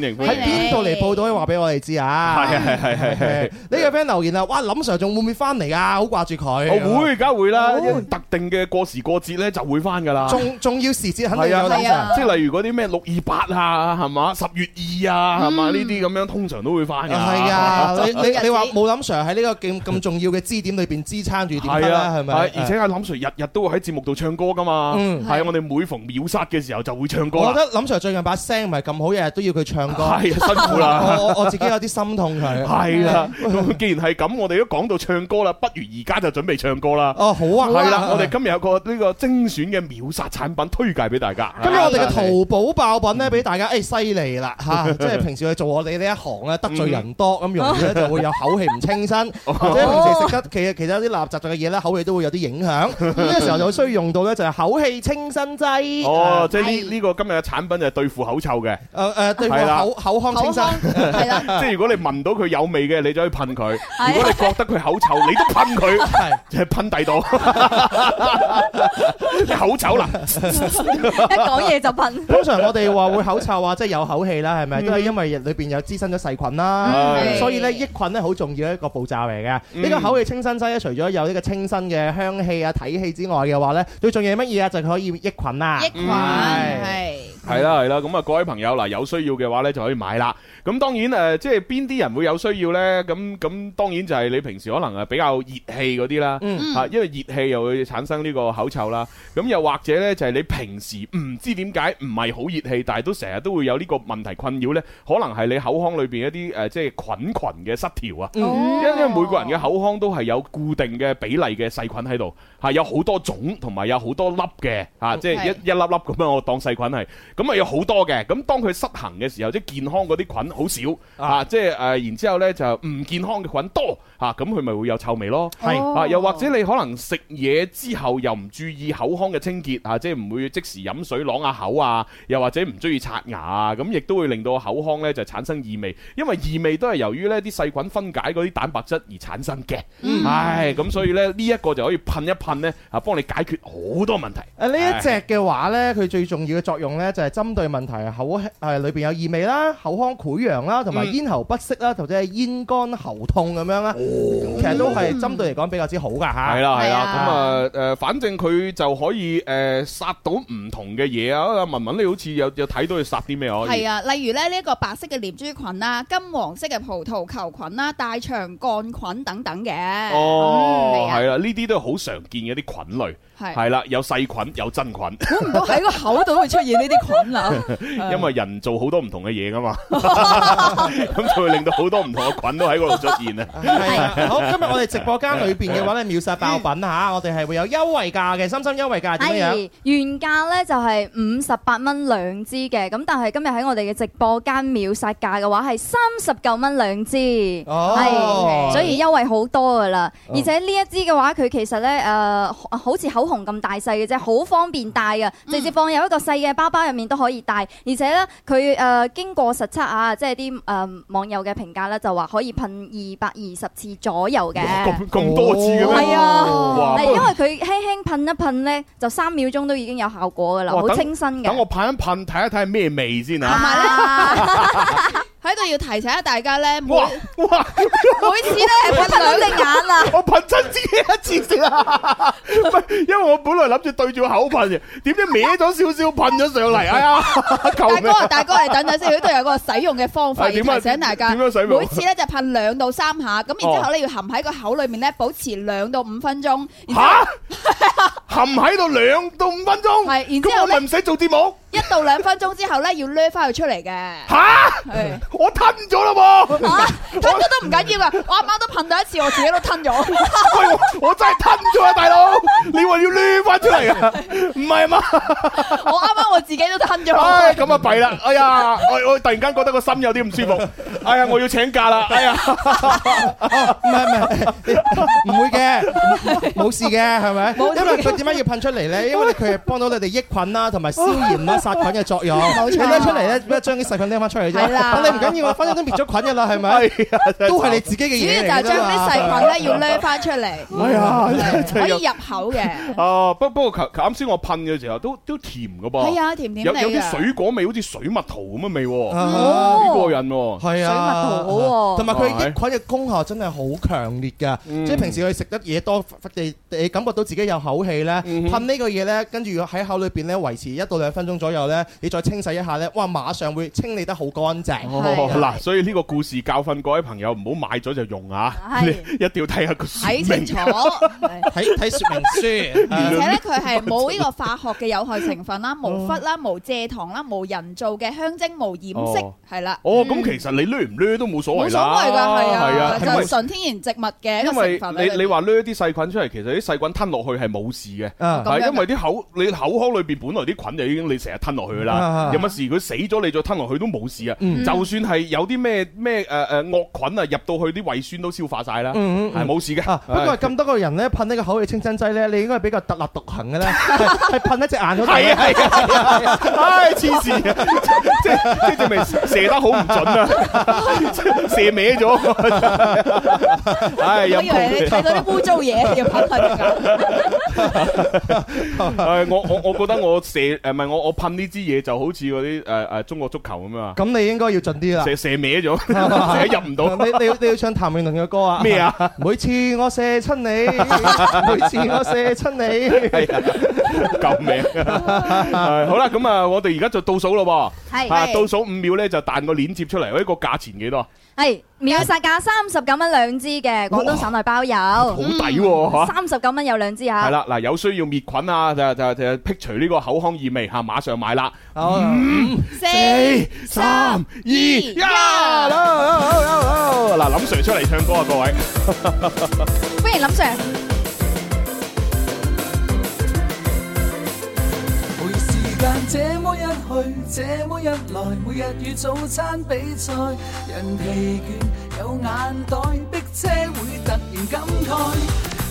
喺邊度嚟報道？可以話俾我哋知啊！係係係係係呢個 friend 留言啊，哇，林 sir 仲會唔會翻嚟啊？好掛住佢。會，梗係會啦！特定嘅過時過節咧，就會翻噶啦。仲仲要時節，肯定有林 sir。即係例如嗰啲咩六二八啊，係嘛？十月二啊，係嘛？呢啲咁樣通常都會翻。係啊！你你你話冇林 sir 喺呢個咁咁重要嘅支點裏邊支撐住點得咧？係咪？而且阿林 sir 日日都會喺節目度唱歌噶嘛。嗯。係啊，我哋每逢秒殺嘅時候就會唱歌。我覺得林 sir 最近把聲唔係咁好，日日都要佢唱。係啊，辛苦啦！我自己有啲心痛佢。係啊，既然係咁，我哋都講到唱歌啦，不如而家就準備唱歌啦。哦，好啊，係啦，我哋今日有個呢個精選嘅秒殺產品推介俾大家。今日我哋嘅淘寶爆品咧，俾大家誒，犀利啦！即係平時去做我哋呢一行啊，得罪人多咁容易咧，就會有口氣唔清新，或者平時食得其其他啲垃圾嘅嘢咧，口氣都會有啲影響。呢個時候就需要用到咧，就係口氣清新劑。哦，即係呢呢個今日嘅產品就係對付口臭嘅。誒誒，係啦。口口腔清新係啦，即係如果你聞到佢有味嘅，你就可以噴佢；如果你覺得佢口臭，你都噴佢，係就係噴第度口臭啦。一講嘢就噴。通常我哋話會口臭啊，即係有口氣啦，係咪？都係因為裏邊有滋生咗細菌啦，所以咧益菌咧好重要一個步驟嚟嘅。呢個口氣清新劑咧，除咗有呢個清新嘅香氣啊、體氣之外嘅話咧，最重要係乜嘢啊？就係可以益菌啊，益菌係係啦係啦，咁啊各位朋友嗱，有需要嘅話。咧就可以買啦。咁當然誒、呃，即係邊啲人會有需要呢？咁咁當然就係你平時可能誒比較熱氣嗰啲啦。嗯，嗯，嗯、因為熱氣又會產生呢個口臭啦。咁又或者呢，就係你平時唔知點解唔係好熱氣，但係都成日都會有呢個問題困擾呢，可能係你口腔裏邊一啲誒、呃，即係菌群嘅失調啊。哦、因為每個人嘅口腔都係有固定嘅比例嘅細菌喺度，係有好多種同埋有好多粒嘅嚇，即係一一粒粒咁樣我當細菌係。咁啊有好多嘅，咁當佢失衡嘅時候。或者健康嗰啲菌好少啊，即係誒，然之後咧就唔健康嘅菌多啊，咁佢咪會有臭味咯。係、哦、啊，又或者你可能食嘢之後又唔注意口腔嘅清潔啊，即係唔會即時飲水啷下口啊，又或者唔中意刷牙啊，咁、啊、亦都會令到口腔咧就產生異味，因為異味都係由於咧啲細菌分解嗰啲蛋白質而產生嘅。嗯，唉、哎，咁所以咧呢一個就可以噴一噴咧啊，幫你解決好多問題。誒、嗯、呢一隻嘅話咧，佢最重要嘅作用咧就係針對問題口誒裏邊有異味啦，口腔潰瘍啦，同埋咽喉不適啦，嗯、或者係咽乾喉痛咁樣啦，其實都係針對嚟講比較之好噶吓。係啦係啦，咁啊誒、啊，反正佢就可以誒殺到唔同嘅嘢啊。文文你好似有有睇到佢殺啲咩可以？係啊，例如咧呢一個白色嘅念珠菌啦，金黃色嘅葡萄球菌啦，大腸桿菌等等嘅。哦，係、嗯、啊，呢啲、啊、都係好常見嘅啲菌類。係啦，有細菌有真菌。估唔到喺個口度都會出現呢啲菌啊！因為人做好多唔同嘅嘢噶嘛，咁就會令到好多唔同嘅菌都喺個度出現啊！係啊，好，今日我哋直播間裏邊嘅話咧，秒殺爆品嚇，我哋係會有優惠價嘅，心心優惠價點啊？原價咧就係五十八蚊兩支嘅，咁但係今日喺我哋嘅直播間秒殺價嘅話係三十九蚊兩支，係，所以優惠好多噶啦。而且呢一支嘅話，佢其實咧誒，好似口。同咁大細嘅啫，好方便帶嘅，直接放入一個細嘅包包入面都可以帶。而且咧，佢誒、呃、經過實測啊，即係啲誒網友嘅評價咧，就話可以噴二百二十次左右嘅。咁多次嘅咩？係、哦、啊，哇因為佢輕輕噴一噴咧，就三秒鐘都已經有效果噶啦，好清新嘅。等我噴一噴，睇一睇咩味先啊！ 喺度要提醒下大家咧，每哇哇每次咧係噴兩隻眼啦。我噴親自己一次先啊， 因為我本來諗住對住個口噴嘅，知點知歪咗少少噴咗上嚟啊、哎！大哥，啊，大哥，你等等先，佢都有個使用嘅方法，哎、要提醒大家。點樣使？每次咧就噴兩到三下，咁然之後你要含喺個口裏面咧，保持兩到五分鐘。吓！含喺度兩到五分鐘，咁我咪唔使做節目。 一到兩分鐘之後咧，要掠翻佢出嚟嘅。吓，我吞咗啦噃。吞咗都唔緊要噶。我啱啱都噴到一次，我自己都吞咗、 哎。我真係吞咗啊，大佬！你話要掠翻出嚟啊？唔係啊嘛。 我啱啱我自己都吞咗。咁啊弊啦！哎呀，我我突然間覺得個心有啲唔舒服。哎呀，我要請假啦！哎呀，唔係唔係，唔、哦、 會嘅的，冇 事嘅，係咪？因為佢點解要噴出嚟咧？因為佢係幫到你哋益菌啦，同埋消炎啦。殺菌嘅作用，孭出嚟咧，咩將啲細菌拎翻出嚟啫？係你唔緊要啊，反正都滅咗菌嘅啦，係咪？都係你自己嘅嘢嚟。主要就係將啲細菌咧要拎翻出嚟，係啊，可以入口嘅。啊，不不過，佢佢啱先我噴嘅時候都都甜嘅噃。係啊，甜甜。有啲水果味，好似水蜜桃咁嘅味喎，幾過癮喎。係啊，水蜜桃好。同埋佢抑菌嘅功效真係好強烈㗎，即係平時佢食得嘢多，你感覺到自己有口氣咧，噴呢個嘢咧，跟住喺口裏邊咧維持一到兩分鐘左右。之後咧，你再清洗一下咧，哇！馬上會清理得好乾淨。嗱，所以呢個故事教訓各位朋友，唔好買咗就用啊！一定要睇下佢，睇清楚，睇睇說明書。而且咧，佢係冇呢個化學嘅有害成分啦，無氟啦，無蔗糖啦，無人造嘅香精，無染色，係啦。哦，咁其實你攣唔攣都冇所謂啦。冇所謂噶，係啊，係啊，就純天然植物嘅成分。因為你你話攣啲細菌出嚟，其實啲細菌吞落去係冇事嘅。啊，咁樣。因為啲口你口腔裏邊本來啲菌就已經你成日。吞落去啦，有乜事？佢死咗你再吞落去都冇事啊！就算係有啲咩咩誒誒惡菌啊，入到去啲胃酸都消化晒啦，係冇事嘅。不過咁多個人咧，噴呢個口氣清新劑咧，你應該係比較特立獨行嘅咧，係噴一隻眼。係啊係啊，唉黐線啊！即係即係咪射得好唔準啊？射歪咗，我以為你睇到啲污糟嘢又噴係咪啊？誒，我我我覺得我射誒唔係我我噴。呢支嘢就好似嗰啲誒誒中國足球咁樣啊！咁、嗯、你應該要準啲啦，射射歪咗，是是射入唔到。 你你你要唱譚詠麟嘅歌啊！咩啊？ 每次我射親你， 每次我射親你，係啊！救命！ 好啦，咁、嗯、啊，我哋而家就倒數咯喎，啊，倒數五秒咧就彈個鏈接出嚟，呢個價錢幾多？係秒殺價三十九蚊兩支嘅，廣東、哎、省內包郵，好抵喎吓！三十九蚊有兩支啊！係啦、嗯，嗱，有需要滅菌啊，就就就辟除呢個口腔異味吓，馬上買啦！五、四、三、二、一，嗱，林 Sir 出嚟唱歌啊，各位，歡迎林 Sir。這麼一去，這麼一來，每日與早餐比賽，人疲倦，有眼袋，逼車會突然感慨，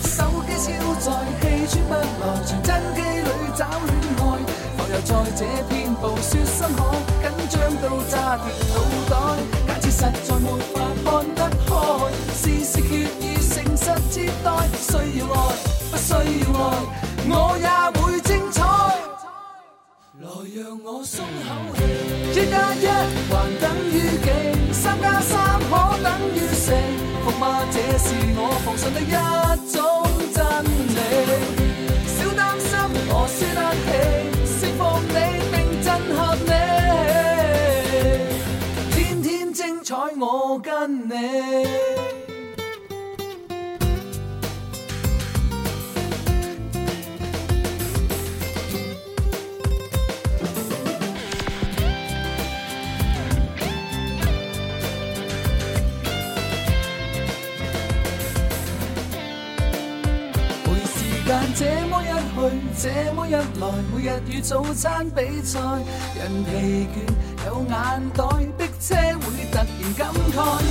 手機超載，氣喘不來，從真機裏找戀愛，我又在這片暴雪深海，緊張到炸裂腦袋，假設實在沒法看得開，絲絲血意誠實接待，不需要愛，不需要愛，我也。來、啊、讓我鬆口氣，一加一還等於幾？三加三可等於四？伏馬這是我奉信的一種真理。小擔心我、啊，我輸得起，釋放你並震撼你，天天精彩我跟你。這麼一來，每日與早餐比賽，人疲倦有眼袋，迫車會突然感慨。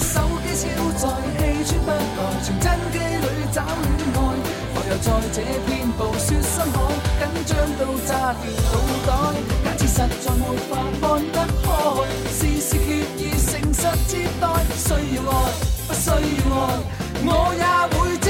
手機超載，氣喘不來，傳真機裏找戀愛，我又在這片暴雪深海，緊張到炸掉腦袋，假設實在沒法看得開。事事協議，誠實接待，需要愛，不需要愛，我也會。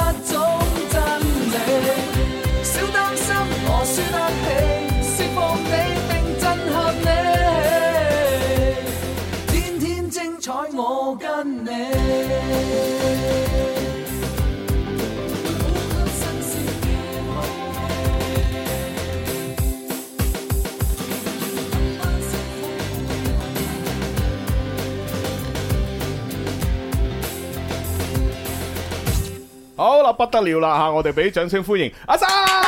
好啦，不得了啦，吓，我哋俾掌聲歡迎阿生。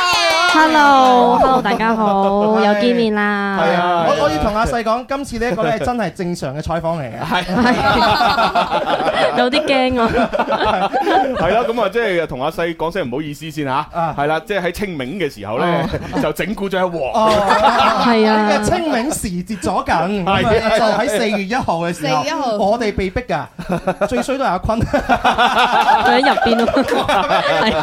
Hello，Hello，大家好，又見面啦。係啊，我我要同阿細講，今次呢一個咧真係正常嘅採訪嚟嘅。係，有啲驚啊。係啦，咁啊，即係同阿細講聲唔好意思先嚇。啊，係啦，即係喺清明嘅時候咧，就整蠱咗一鑊。係啊，清明時節咗緊，就喺四月一號嘅時候，一號，我哋被逼㗎，最衰都係阿坤，就喺入邊咯。係，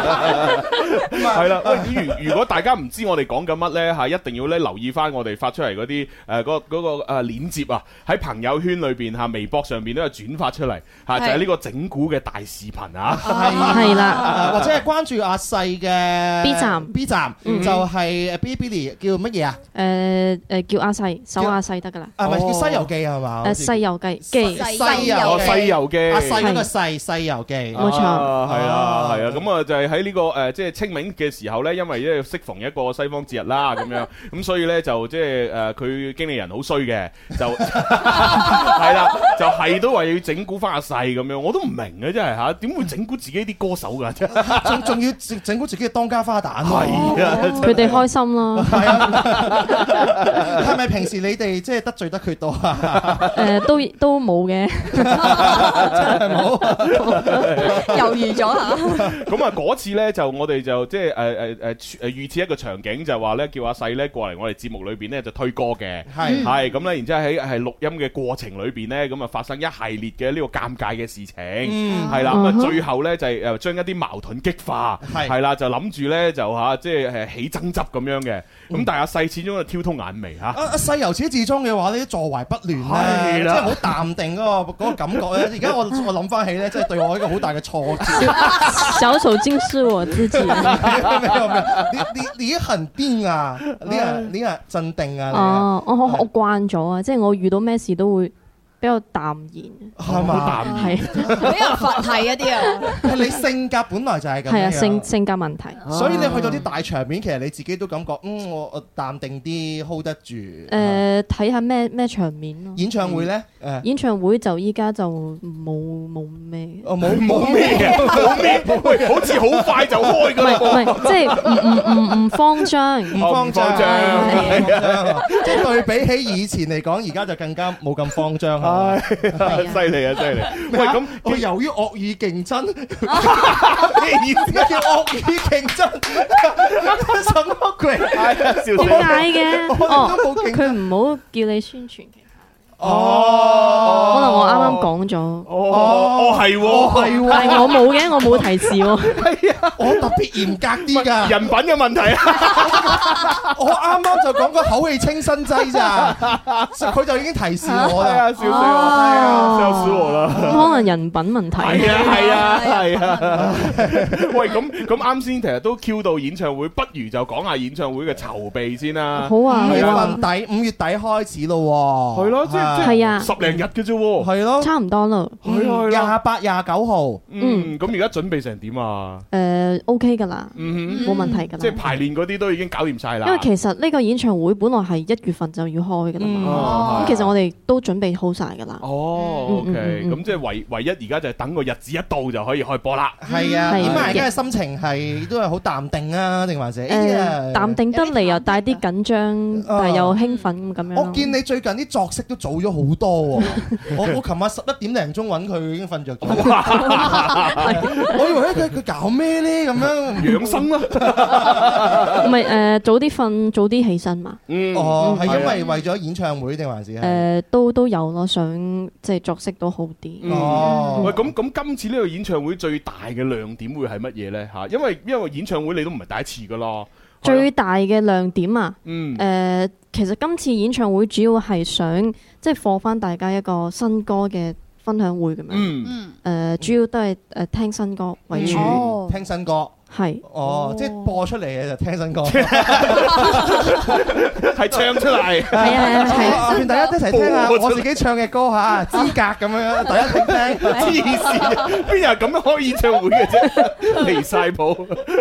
係啦。喂，如如果大大家唔知我哋講緊乜咧吓，一定要咧留意翻我哋發出嚟嗰啲誒，嗰、呃、嗰、嗰個誒鏈接啊，喺朋友圈裏邊吓、啊，微博上邊都有轉發出嚟吓、啊，就係、是、呢個整蠱嘅大視頻啊，係是、 啊、啦，啊、或者係關注阿細嘅 B 站 B 站，b 站嗯、就係 b i b, b L, 叫乜嘢啊？誒誒、呃呃，叫阿細搜阿細得噶啦，啊，唔係叫《西遊記》係嘛？誒，啊《西遊記》記西遊西遊記阿細嗰個細西遊記，冇錯，係啊係啊，咁啊就係喺呢個誒，即係清明嘅時候咧，因為咧釋一同一個西方節日啦，咁樣咁，所以咧就即係誒，佢經理人好衰嘅，就係啦，就係都話要整蠱翻阿細咁樣，我都唔明啊，真係吓，點會整蠱自己啲歌手噶、嗯，真，仲仲要整蠱自己嘅當家花旦、啊，係佢哋開心咯，係、 呃、啊，係咪平時你哋即係得罪得佢多啊？誒，都都冇嘅，真係冇，猶豫咗吓。咁、呃、啊，次咧就我哋就即係誒誒誒，誒、呃、預、呃呃呃一個場景就話咧，叫阿細咧過嚟我哋節目裏邊咧就推歌嘅，係係咁咧，然之後喺係錄音嘅過程裏邊咧，咁啊發生一系列嘅呢個尷尬嘅事情，係啦，咁啊最後咧就誒將一啲矛盾激化，係係啦，就諗住咧就吓即係誒起爭執咁樣嘅，咁、嗯、但係阿細始終啊挑通眼眉吓，阿細、啊啊、由始至終嘅話咧坐懷不亂咧，即係好淡定嗰個嗰個感覺咧，而家我我諗翻起咧，即係對我一個好大嘅挫折， 小丑精是我自己小丑竟是我自己。 你行邊啊？ 你啊，你啊，鎮定啊！哦、啊是啊，我我慣咗啊，是即係我遇到咩事都會。比較淡然，係嘛？係比較佛系一啲啊！你性格本來就係咁嘅。係啊，性性格問題。所以你去到啲大場面，其實你自己都感覺，嗯，我我淡定啲，hold 得住。誒，睇下咩咩場面咯。演唱會咧，誒。演唱會就依家就冇冇咩。哦，冇冇咩冇咩好似好快就開㗎。唔係唔係，即係唔唔唔唔慌張，唔慌張。即係對比起以前嚟講，而家就更加冇咁慌張。係，犀利、哎、啊，犀利、啊！喂，咁佢喂樣由於惡意競爭， 而而惡意競爭， 來什麼鬼？點解嘅？都我哦，佢唔好叫你宣傳。哦，可能我啱啱講咗，哦，係，係，但係我冇嘅，我冇提示喎，係啊，我特別嚴格啲㗎，人品嘅問題，我啱啱就講個口氣清新劑咋，佢就已經提示我啦，少少啦，可能人品問題，係啊，係啊，係啊，喂，咁咁啱先，其實都 Q 到演唱會，不如就講下演唱會嘅籌備先啦，好啊，五月底，五月底開始咯，係咯，即係。係啊，十零日嘅啫，係咯，差唔多啦，廿八、廿九號，嗯，咁而家準備成點啊？誒，OK 噶啦，嗯，冇問題噶啦。即係排練嗰啲都已經搞掂晒啦。因為其實呢個演唱會本來係一月份就要開嘅啦嘛，咁其實我哋都準備好晒噶啦。哦，OK，咁即係唯唯一而家就等個日子一到就可以開播啦。係啊，點解，而家嘅心情係都係好淡定啊，定或者誒，淡定得嚟又帶啲緊張，但係又興奮咁樣。我見你最近啲作息都早咗好多、啊 我，我我琴晚十一點零鐘揾佢，已經瞓着咗。我以為佢佢搞咩咧？咁樣養生咯、啊，唔係誒，早啲瞓，早啲起身嘛。嗯，哦，係因為為咗演唱會定還是誒，都都有咯，想即係作息都好啲。哦，喂，咁咁，今次呢個演唱會最大嘅亮點會係乜嘢咧？吓，因為因為演唱會你都唔係第一次噶咯。嗯、最大嘅亮點啊，嗯，誒，其實今次演唱會主要係想。.即係放返大家一個新歌嘅分享會咁樣，誒，主要都係誒聽新歌為主，嗯哦、聽新歌。係是哦，即係播出嚟嘅就聽新歌，係唱出嚟。係 啊係啊係，願大家一齊聽下、啊、我自己唱嘅歌吓，資格咁樣，樣，大家聽聽。黐線 ，邊有人咁樣開演唱會嘅啫？離晒譜。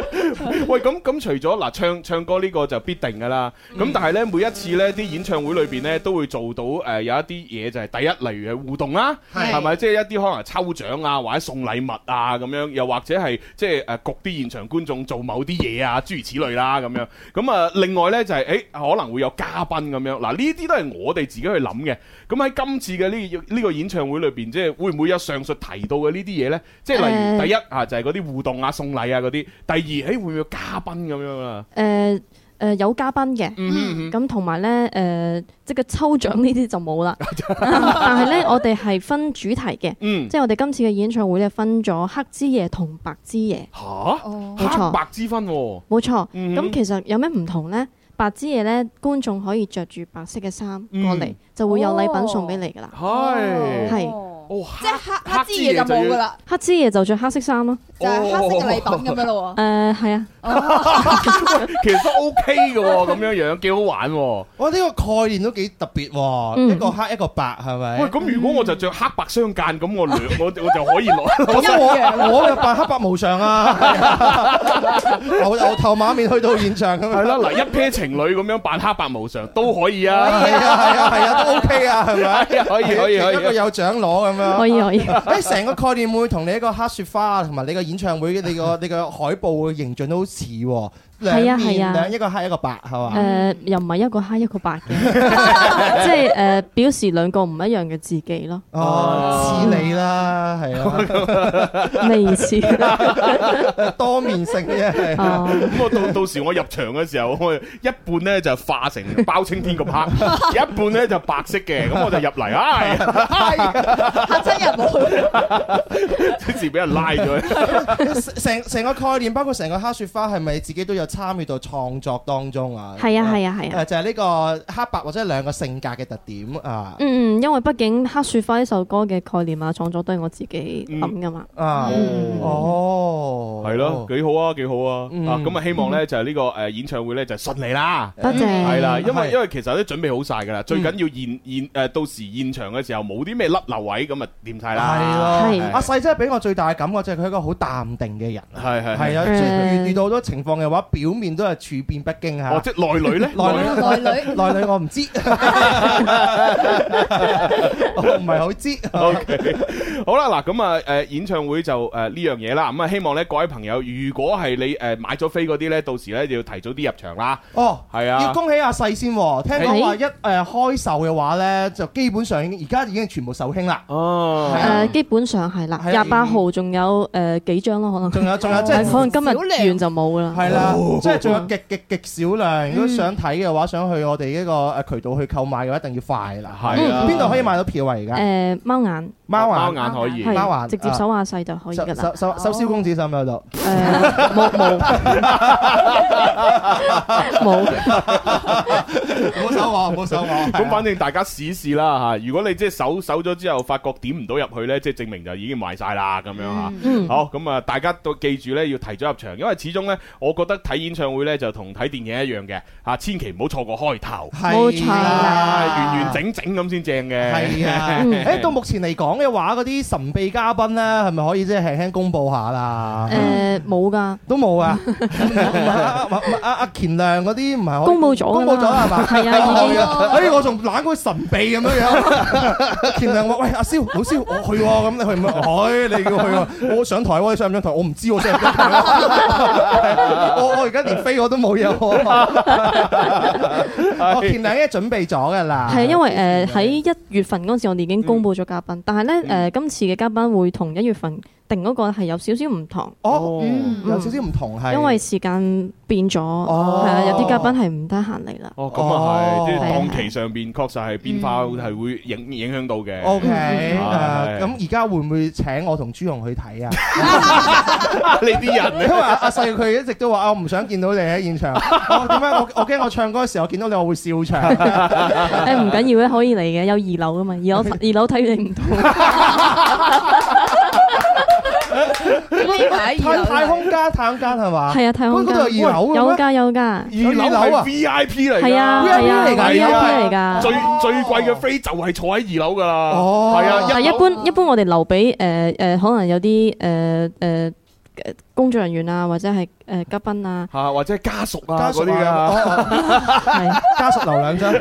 喂，咁咁除咗嗱唱唱歌呢個就必定噶啦，咁、嗯、但係咧每一次咧啲演唱會裏邊咧都會做到誒、呃、有一啲嘢就係第一，例如嘅互動啦，係咪即係一啲可能抽獎啊或者送禮物啊咁樣，又或者係即係誒焗啲現場。觀眾做某啲嘢啊，諸如此類啦，咁樣咁啊。另外呢，就係，誒可能會有嘉賓咁樣。嗱，呢啲都係我哋自己去諗嘅。咁喺今次嘅呢呢個演唱會裏邊，即係會唔會有上述提到嘅呢啲嘢呢？即係例如，呃，第一啊，就係嗰啲互動啊、送禮啊嗰啲。第二，誒會唔會有嘉賓咁樣啊？誒。誒有嘉賓嘅，咁同埋咧誒，即係個抽獎呢啲就冇啦。但係咧，我哋係分主題嘅，即係我哋今次嘅演唱會咧分咗黑之夜同白之夜。嚇，冇錯，黑白之分喎。冇錯，咁其實有咩唔同咧？白之夜咧，觀眾可以着住白色嘅衫過嚟，就會有禮品送俾你噶啦。係，係。即係黑黑之嘢就冇嘅啦，黑之嘢就着黑色衫咯，就係黑色嘅禮品咁樣咯喎。誒係啊，其實都 OK 嘅喎，咁樣樣幾好玩喎。我呢個概念都幾特別喎，一個黑一個白係咪？喂，咁如果我就着黑白相間咁，我攞我我就可以攞。咁我我又扮黑白無常啊，牛牛頭馬面去到現場係咯，嗱一 pair 情侶咁樣扮黑白無常都可以啊，係啊係啊係啊都 OK 啊，係咪？可以可以可以，有獎攞咁。可以可以，誒成 個概念會同你一個黑雪花啊，同埋你個演唱會，你個你個海報嘅形象都好似係啊係，啊，一個黑一個白係嘛？誒，又唔係一個黑一個白嘅，即係誒表示兩個唔一樣嘅自己咯。哦，似你啦，係啊，類似啦，多面性嘅係。咁我到到時我入場嘅時候，我一半咧就化成包青天咁黑，一半咧就白色嘅，咁我就入嚟。係，嚇親入冇，即時俾人拉咗。成成個概念包括成個黑雪花係咪自己都有？參與到創作當中啊！係啊，係啊，係啊！就係呢個黑白或者兩個性格嘅特點啊！嗯嗯，因為畢竟《黑雪花》呢首歌嘅概念啊，創作都係我自己諗噶嘛啊！哦，係咯，幾好啊，幾好啊！咁啊，希望咧就係呢個誒演唱會咧就順利啦！多謝，係啦，因為因為其實都準備好晒㗎啦，最緊要現現誒到時現場嘅時候冇啲咩甩漏位咁啊，掂晒啦！係咯，阿細真係俾我最大嘅感覺就係佢係一個好淡定嘅人，係係係啊！即係遇遇到好多情況嘅話，表面都係處變不驚嚇，即係內裏咧？內內裏內裏我唔知，我唔係好知。O K，好啦嗱，咁啊誒演唱會就誒呢樣嘢啦，咁啊希望咧各位朋友，如果係你誒買咗飛嗰啲咧，到時咧就要提早啲入場啦。哦，係啊，要恭喜阿細先，聽講話一誒開售嘅話咧，就基本上而家已經全部售罄啦。哦，誒基本上係啦，廿八號仲有誒幾張咯，可能仲有仲有即係可能今日完就冇啦。係啦。即係仲有極極極少量，如果想睇嘅話，想去我哋呢個誒渠道去購買嘅話，一定要快啦。係啊，邊度可以買到票啊？而家誒，貓眼。貓眼可以，貓直接手畫細就可以噶啦。手手手，蕭公子手有冇？冇冇冇，冇手畫冇手畫。咁反正大家試一試啦嚇。如果你即係手手咗之後，發覺點唔到入去咧，即係證明就已經賣晒啦咁樣嚇。好咁啊，大家都記住咧，要提早入場，因為始終咧，我覺得睇演唱會咧就同睇電影一樣嘅嚇，千祈唔好錯過開頭。冇錯，完完整整咁先正嘅。係啊，誒到目前嚟講。咩話？嗰啲神秘嘉賓咧，係咪可以即係輕輕公佈下啦？誒、嗯，冇噶、呃，都冇噶。阿阿阿阿乾亮嗰啲唔係公佈咗，公佈咗係嘛？係啊，所以我仲懶嗰神秘咁樣樣。乾亮話：喂，阿、啊、蕭，老蕭，我去喎、啊，咁你去唔、啊、去？去、哎，你要去喎、啊。我上台喎，上唔上台？我唔知我真係 我我而家連飛我都冇有、啊 啊。乾亮已經準備咗㗎啦。係啊，因為誒喺一月份嗰陣時，我哋已經公佈咗嘉賓，但係咧、嗯呃、今次嘅嘉賓會同一月份。定嗰個係有少少唔同，哦，有少少唔同係，因為時間變咗，係啦，有啲嘉賓係唔得閒嚟啦。哦，咁啊係，啲檔期上邊確實係變化，係會影影響到嘅。O K，咁而家會唔會請我同朱紅去睇啊？呢啲人，因為阿細佢一直都話我唔想見到你喺現場，我點解我我驚我唱歌嘅時候我見到你我會笑場。誒唔緊要咧，可以嚟嘅，有二樓噶嘛，二樓二樓睇你唔到。 太太空間，太空間係嘛？係啊，太空間。嗰度有二樓有噶有噶，二樓係 V I P 嚟。係啊係啊，V I P 嚟噶。最最貴嘅飛就係坐喺二樓噶啦。哦，係啊。但係一般一般，一般我哋留俾誒誒，可能有啲誒誒。呃呃呃工作人員啊，或者係誒嘉賓啊，嚇或者係家屬啊嗰啲㗎，家屬留兩張，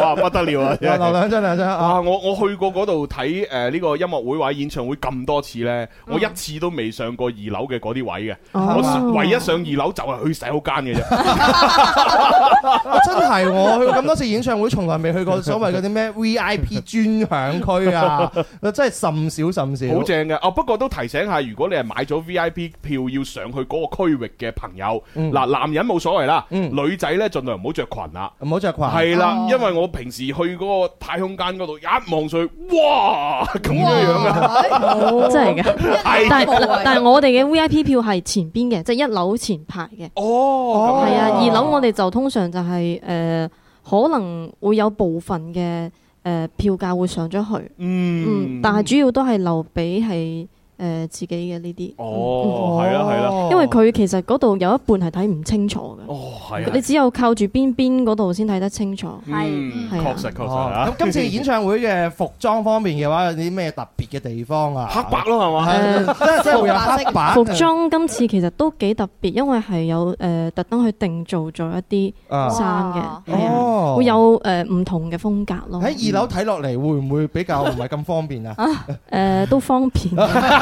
哇不得了啊！留兩張兩張啊！我我去過嗰度睇誒呢個音樂會或者演唱會咁多次咧，我一次都未上過二樓嘅嗰啲位嘅，我唯一上二樓就係去洗手間嘅啫。真係我去過咁多次演唱會，從來未去過所謂嗰啲咩 VIP 專享區啊，真係甚少甚少。好正嘅，哦不過都。都提醒下，如果你係買咗 V I P 票要上去嗰個區域嘅朋友，嗱，男人冇所謂啦，女仔呢盡量唔好着裙啊，唔好着裙，係啦，因為我平時去嗰個太空間嗰度一望上去，哇，咁樣樣真係嘅。但係但係我哋嘅 V I P 票係前邊嘅，即係一樓前排嘅，哦，係啊，二樓我哋就通常就係誒可能會有部分嘅誒票價會上咗去，嗯，但係主要都係留俾係。誒自己嘅呢啲，哦，係啊，係啊，因為佢其實嗰度有一半係睇唔清楚嘅，哦係啊，你只有靠住邊邊嗰度先睇得清楚，係，確實確實啊！咁今次演唱會嘅服裝方面嘅話，有啲咩特別嘅地方啊？黑白咯係嘛，即係真係冇有黑白。服裝今次其實都幾特別，因為係有誒特登去定做咗一啲衫嘅，係啊，會有誒唔同嘅風格咯。喺二樓睇落嚟會唔會比較唔係咁方便啊？誒都方便。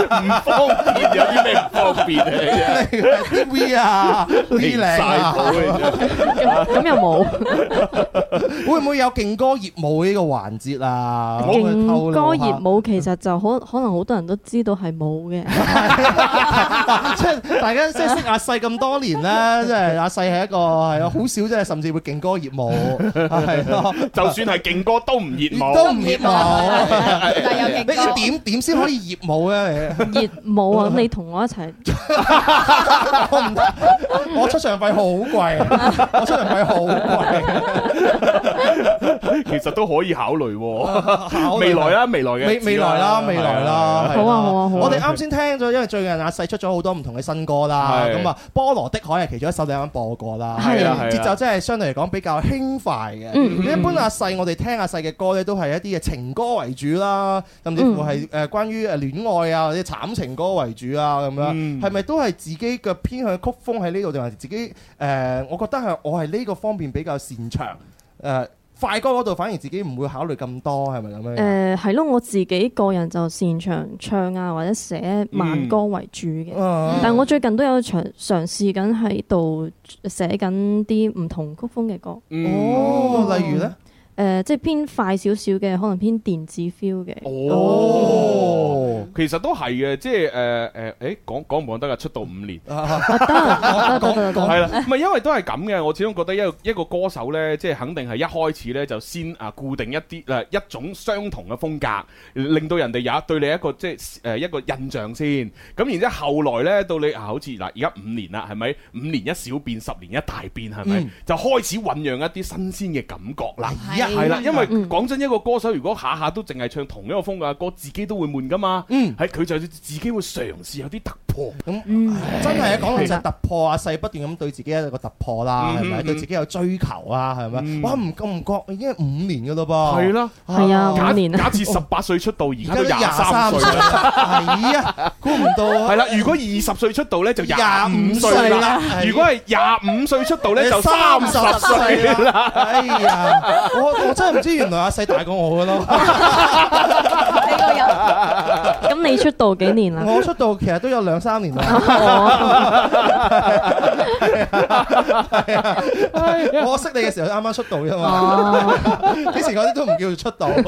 唔方便，有啲咩唔方便啊？TV 啊，零晒好嘅，咁又冇，會唔會有勁歌熱舞呢個環節啊？勁歌熱舞其實就可可能好多人都知道係冇嘅，即係大家即係識阿細咁多年啦，即係阿細係一個係好少，即係甚至會勁歌熱舞，係咯，就算係勁歌都唔熱舞，都唔熱舞，但係有勁歌，你點點先可以熱舞咧？熱舞啊！你同我一齊？ 我唔得，我出場費好貴，我出場費好貴。 其實都可以考慮、uh, 考，未來啦，未來嘅未未來啦，未來啦。好啊，好啊，好！我哋啱先聽咗，因為最近阿細出咗好多唔同嘅新歌啦，咁啊，菠一蘿的海係其中一首，首，你啱播過啦。係啊，節奏真係相對嚟講比較輕快嘅。一，嗯、一般阿細，我哋聽阿細嘅歌咧，都係一啲嘅情歌為主啦，甚至乎係誒關於誒戀愛啊。或者慘情歌為主啊，咁樣係咪都係自己嘅偏向曲風喺呢度定係自己？誒、呃，我覺得係我係呢個方面比較擅長。誒、呃，快歌嗰度反而自己唔會考慮咁多，係咪咁樣？誒、呃，係咯，我自己個人就擅長唱啊，或者寫慢歌為主嘅。嗯、但係我最近都有嘗嘗試緊喺度寫緊啲唔同曲風嘅歌。嗯、哦，哦嗯、例如咧？誒、呃，即係偏快少少嘅，可能偏電子 feel 嘅。哦，哦其實都係嘅，即係誒誒誒，講講唔講得啊？出道五年，得啊，講係啦。唔係 因為都係咁嘅，我始終覺得一個一個歌手咧，即係肯定係一開始咧就先啊固定一啲誒一種相同嘅風格，令到人哋有對你一個即係誒一個印象先。咁然之後後來咧，到你啊，好似嗱而家五年啦，係咪五年一小變，十年一大變係咪？是是嗯、就開始醖釀一啲新鮮嘅感覺啦。是係啦，因為講真，一個歌手如果下下都淨係唱同一個風格嘅歌，自己都會悶噶嘛。嗯，係佢就自己會嘗試有啲突破。咁，真係啊！講到就係突破啊！阿細不斷咁對自己一個突破啦，係咪？對自己有追求啊，係咪？哇！我唔覺唔覺，已經五年噶咯噃。係咯，係啊，假設十八歲出道，而家都廿三歲啦。係啊，估唔到啊！係啦，如果二十歲出道咧，就廿五歲啦。如果係廿五歲出道咧，就三十歲啦。哎呀， 我真係唔知，原來阿細大過我噶咯。 出道幾年啦？我出道其實都有兩三年啦。 我識你嘅時候啱啱出道啫嘛。以前嗰啲都唔叫出道。你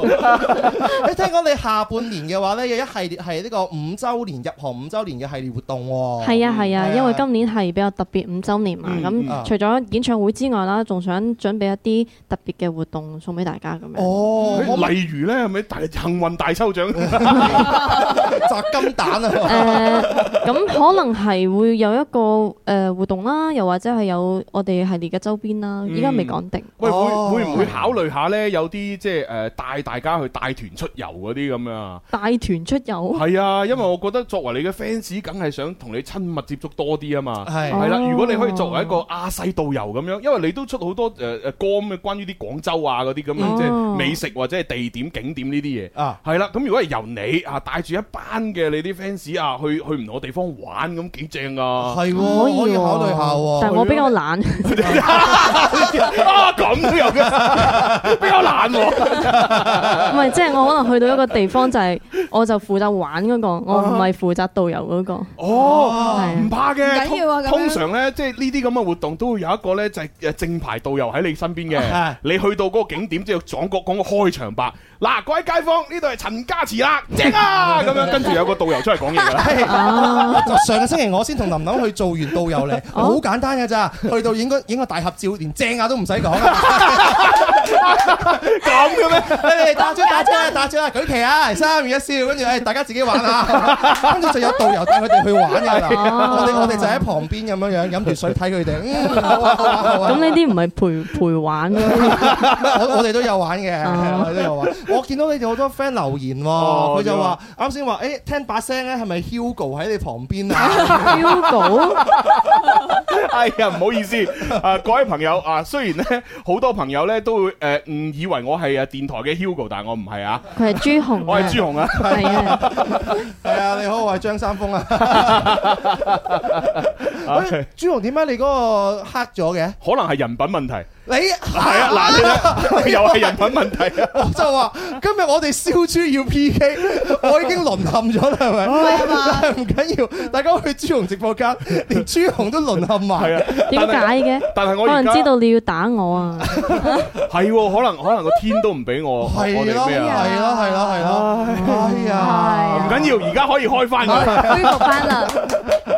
聽講你下半年嘅話咧，有一系列係呢個五周年入行五周年嘅系列活動喎。係啊係啊，啊啊因為今年係比較特別五周年嘛。咁、嗯、除咗演唱會之外啦，仲想準備一啲特別嘅活動送俾大家咁樣。哦，嗯、例如咧，係咪大幸運大抽獎？ 砸金蛋啊！誒，咁可能係會有一個誒活動啦，又或者係有我哋系列嘅周邊啦。依家未講定。喂，會會唔會考慮下呢？有啲即係誒帶大家去帶團出遊嗰啲咁樣啊？帶團出遊？係啊，因為我覺得作為你嘅 fans，梗係想同你親密接觸多啲啊嘛。係係啦，如果你可以作為一個阿細導遊咁樣，因為你都出好多誒誒歌咁嘅，關於啲廣州啊嗰啲咁嘅即係美食或者係地點景點呢啲嘢啊。係啦，咁如果係由你啊帶住一班。真嘅，你啲 fans 啊，去去唔同嘅地方玩咁幾正啊。係可，可以考慮下。但係我比較懶。咁都、啊、有㗎，比較懶。唔係，即係我可能去到一個地方就係我就負責玩嗰個，啊、我唔係負責導遊嗰個。哦，唔怕嘅，緊要通，通常咧，即係呢啲咁嘅活動都會有一個咧，就係誒正牌導遊喺你身邊嘅。你去到嗰個景點之後、就係，講講個開場白。嗱，各位街坊，呢度係陳家祠啦，正啊，咁樣。仲有個導遊出嚟講嘢㗎啦！啊、 上個星期我先同琳琳去做完導遊嚟，好簡單嘅咋，哦、去到影個影個大合照，連正啊都唔使講啊！咁嘅咩？誒， 打招打招打招啊！舉旗啊！三二一，笑，跟住大家自己玩啊！跟住就有導遊帶佢哋去玩㗎啦、啊，我哋我哋就喺旁邊咁樣樣飲住水睇佢哋。咁呢啲唔係陪陪玩㗎， 我哋都有玩嘅，都有玩。我見到你哋好多 friend 留言喎、哦，佢、哦、就話啱先話聽把聲咧，係咪 Hugo 喺你旁邊啊？Hugo，哎呀，唔好意思，啊、呃，各位朋友啊，雖然咧好多朋友咧都會誒誤、呃、以為我係誒電台嘅 Hugo，但係我唔係啊。佢係朱紅，我係朱紅啊。係啊，係啊、 哎，你好，我係張三豐啊。 哎、朱紅，點解你嗰個黑咗嘅？可能係人品問題。你係啊，又係人品問題啊！我就話今日我哋燒豬要 PK，我已經淪陷咗啦，係咪？唔緊要，大家去朱紅直播間，連朱紅都淪陷埋啊！點解嘅？但係我可能知道你要打我啊！係，可能可能個天都唔俾我，我哋咩啊？係啦，係啦，係啦！哎呀，唔緊要，而家可以開翻嘅，開翻啦。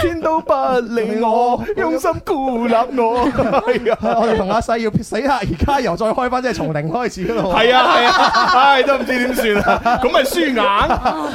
天都不理我，用心孤立我。係 啊，我哋同阿細要死下，而家又再開翻，即係從零開始咯。係啊，係啊，唉，都唔知點算啊。咁咪輸硬。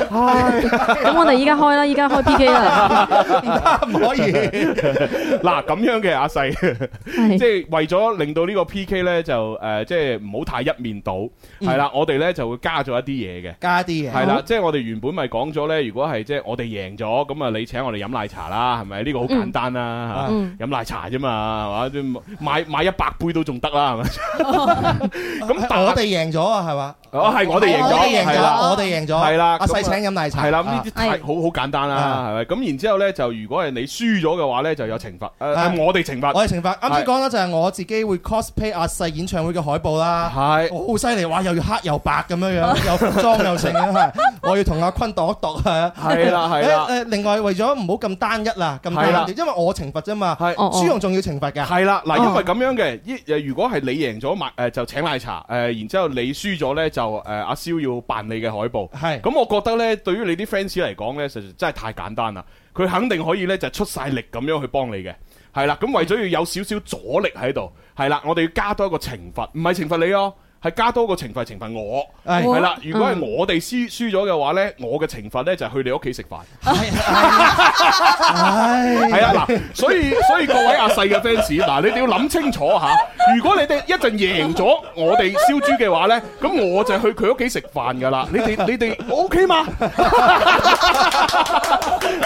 咁、哎、我哋依家開啦，依家開 P K 啦。而家唔可以。嗱、啊，咁樣嘅阿細，即、啊、係、就是、為咗令到呢個 P K 咧、呃，就誒，即係唔好太一面倒。係啦、嗯，我哋咧就會加咗一啲嘢嘅，加啲嘢。係啦、哦，即係、就是、我哋原本咪講咗咧，如果係即係我哋贏咗，咁啊你請我哋飲奶茶啦，係咪呢個好簡單啦？吓，飲奶茶啫嘛，係嘛，買買一百杯都仲得啦，係咪？咁我哋贏咗啊，係嘛？哦，係我哋贏咗，我哋贏咗，我哋贏咗，係啦。阿細請飲奶茶，係啦，呢啲好好簡單啦，係咪？咁然之後咧，就如果係你輸咗嘅話咧，就有懲罰，咁我哋懲罰，我哋懲罰。啱先講啦，就係我自己會 cosplay 阿細演唱會嘅海報啦，係好犀利，哇！又要黑又白咁樣樣，又妝又成，係我要同阿坤度一度啊，係啦係啦，誒，另外為咗唔好。咁單一啦，咁單一，因為我懲罰啫嘛，輸用仲要懲罰嘅。係啦，嗱，因為咁樣嘅，一誒，如果係你贏咗，麥誒就請奶茶，誒，然之後你輸咗咧就誒阿蕭要辦你嘅海報。係的，咁我覺得咧，對於你啲 fans 嚟講咧，實實真係太簡單啦。佢肯定可以咧就出晒力咁樣去幫你嘅。係啦，咁為咗要有少少阻力喺度，係啦，我哋要加多一個懲罰，唔係懲罰你哦。係加多個懲罰，懲罰我係、哎、啦。如果係我哋輸輸咗嘅話咧，我嘅懲罰咧就係去你屋企食飯。係啊，嗱，所以所以，所以各位阿細嘅 fans，嗱，你哋要諗清楚嚇。如果你哋一陣贏咗我哋燒豬嘅話咧，咁我就去佢屋企食飯噶啦。你哋你哋 O K 嗎？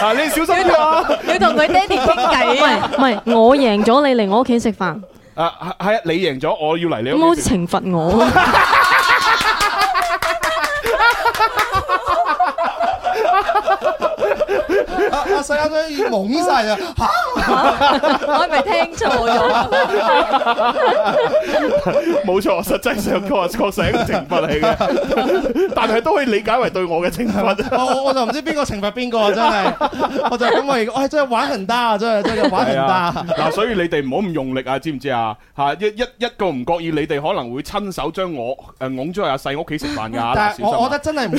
啊，你小心啲啊！要同佢爹哋傾偈喂，唔係，唔係，我贏咗你嚟我屋企食飯。啊係啊！你贏咗，我要嚟你。好似懲罰我。阿細阿都已經懵晒啊！哈哈，我係咪聽錯咗？冇錯， 實際上確確實係一個懲罰嚟嘅，但係都可以理解為對我嘅懲罰。我就唔知邊個懲罰邊個，真係，我就咁我真係玩很大，真係、啊、真係玩很大、啊。嗱、啊，所以你哋唔好咁用力啊，知唔知啊？吓，一一一個唔覺意，你哋可能會親手將我誒拱咗去阿細屋企食飯噶。 但我、啊、我覺得真係唔得，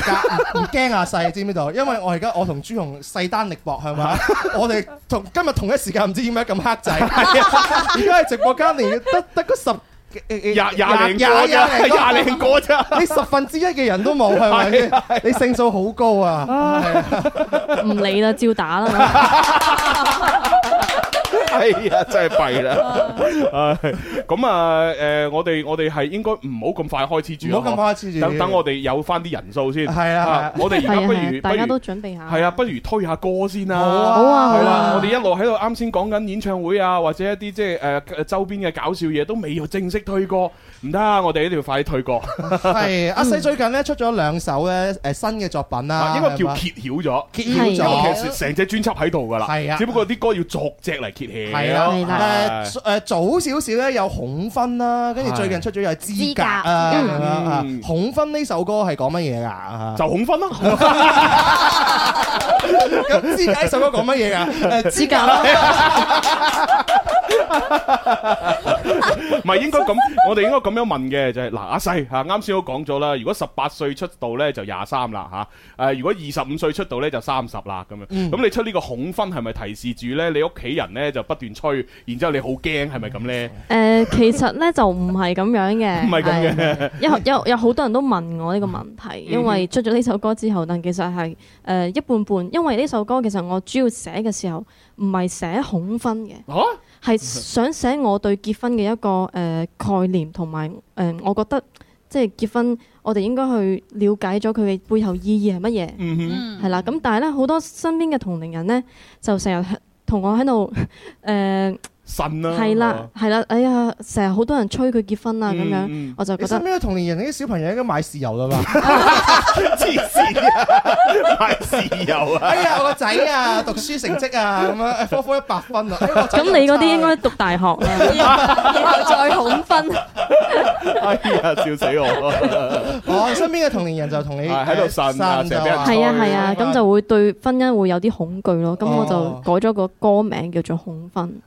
驚阿細，知唔知道？因為我而家我同朱紅。勢單力薄係嘛？ 我哋同今日同一時間唔知點解咁黑仔，而家喺直播間，連得得個十廿廿廿廿廿零個啫，多多你十分之一嘅人都冇係咪？ 你勝數好高啊！唔、啊、 理啦，照打啦。 哎呀，真係弊啦！咁 啊、哎，誒、嗯嗯嗯嗯，我哋我哋係應該唔好咁快開始，唔好咁快等等我哋有翻啲人數先。係 啊，啊，我哋而家不如， 大家都準備下。係啊，不如推下歌先啦、啊。 好啊，係啊。啦我哋一路喺度啱先講緊演唱會啊，或者一啲即係誒周邊嘅搞笑嘢都未有正式推歌。唔得，我哋一定要快啲退過。係阿細最近咧出咗兩首咧誒新嘅作品啦。應該叫揭曉咗，揭曉咗成隻專輯喺度噶啦。係啊，只不過啲歌要逐隻嚟揭曉。係啊，誒誒早少少咧有恐婚啦，跟住最近出咗有資格啊。恐婚呢首歌係講乜嘢噶？就恐婚咯。咁資格呢首歌講乜嘢噶？誒，資格。唔係 應該咁， 我哋應該咁樣問嘅就係、是、嗱，阿細吓，啱先都講咗啦。如果十八歲出道呢，就廿三啦吓。誒，如果二十五歲出道呢，就三十啦咁樣。咁、嗯、你出呢個恐婚係咪提示住呢？你屋企人呢，就不斷催，然之後你好驚係咪咁呢？誒、呃，其實呢，就唔係咁樣嘅，唔係咁嘅。有有好多人都問我呢個問題， 因為出咗呢首歌之後，但其實係誒、呃、一半半，因為呢首歌其實我主要寫嘅時候唔係寫恐婚嘅。係想寫我對結婚嘅一個誒、呃、概念，同埋誒我覺得即係結婚，我哋應該去了解咗佢嘅背後意義係乜嘢，係啦、mm。咁、hmm。但係咧，好多身邊嘅同齡人咧，就成日同我喺度誒。呃 神啊，係啦，係啦，哎呀，成日好多人催佢結婚啊，咁樣，我就覺得身邊嘅同年人你啲小朋友應該買豉油啦吧，黐線，買豉油啊，哎呀，我個仔啊，讀書成績啊，咁樣，科科一百分啊，咁你嗰啲應該讀大學啊，再恐婚，哎呀，笑死我咯，我身邊嘅同年人就同你喺度散啊，係啊係啊，咁就會對婚姻會有啲恐懼咯，咁我就改咗個歌名叫做恐婚，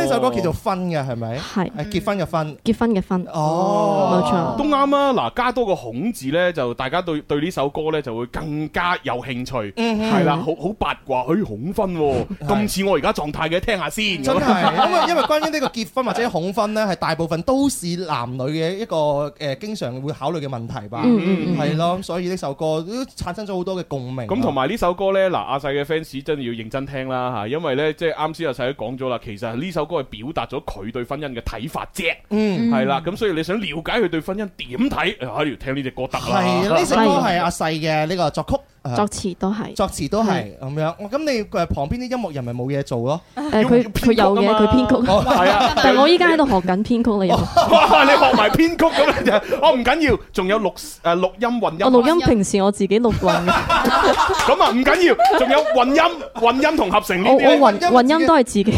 呢首歌叫做婚嘅係咪？係，結婚嘅婚。結婚嘅婚。哦，冇錯。都啱啊！嗱，加多個恐字咧，就大家對對呢首歌咧就會更加有興趣。嗯，係啦，好好八卦，去恐婚，咁似我而家狀態嘅，聽下先。真係。咁啊，因為關於呢個結婚或者恐婚咧，係大部分都是男女嘅一個誒，經常會考慮嘅問題吧。嗯，係咯，所以呢首歌都產生咗好多嘅共鳴。咁同埋呢首歌咧，嗱，阿細嘅 fans 真係要認真聽啦吓，因為咧，即係啱先阿細都講咗啦，其實呢首。歌係表達咗佢對婚姻嘅睇法啫，嗯，係啦，咁所以你想了解佢對婚姻點睇，誒，聽呢隻歌得啦。係啊，呢隻歌係阿細嘅呢個作曲、作詞都係，作詞都係咁樣。咁你誒旁邊啲音樂人咪冇嘢做咯？佢佢有嘢，佢編曲。係啊，但係我依家喺度學緊編曲啦，有。你學埋編曲咁樣就，我唔緊要，仲有錄誒錄音、混音。我錄音平時我自己錄嘅。咁啊，唔緊要，仲有混音、混音同合成。我我混混音都係自己。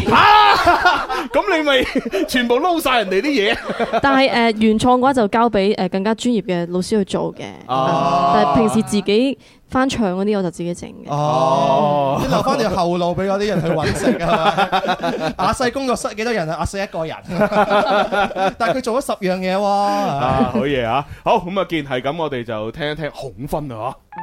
咁 你咪全部撈晒人哋啲嘢？但係誒、呃、原創嘅話就交俾誒更加專業嘅老師去做嘅。哦，但係平時自己翻唱嗰啲我就自己整嘅。哦，哦啊、留翻條後路俾嗰啲人去搵食 啊！阿細工作室幾多人啊？阿細一個人，但係佢做咗十樣嘢。啊，好嘢啊！好，咁啊見係咁，我哋就聽一聽恐婚啊！嗬。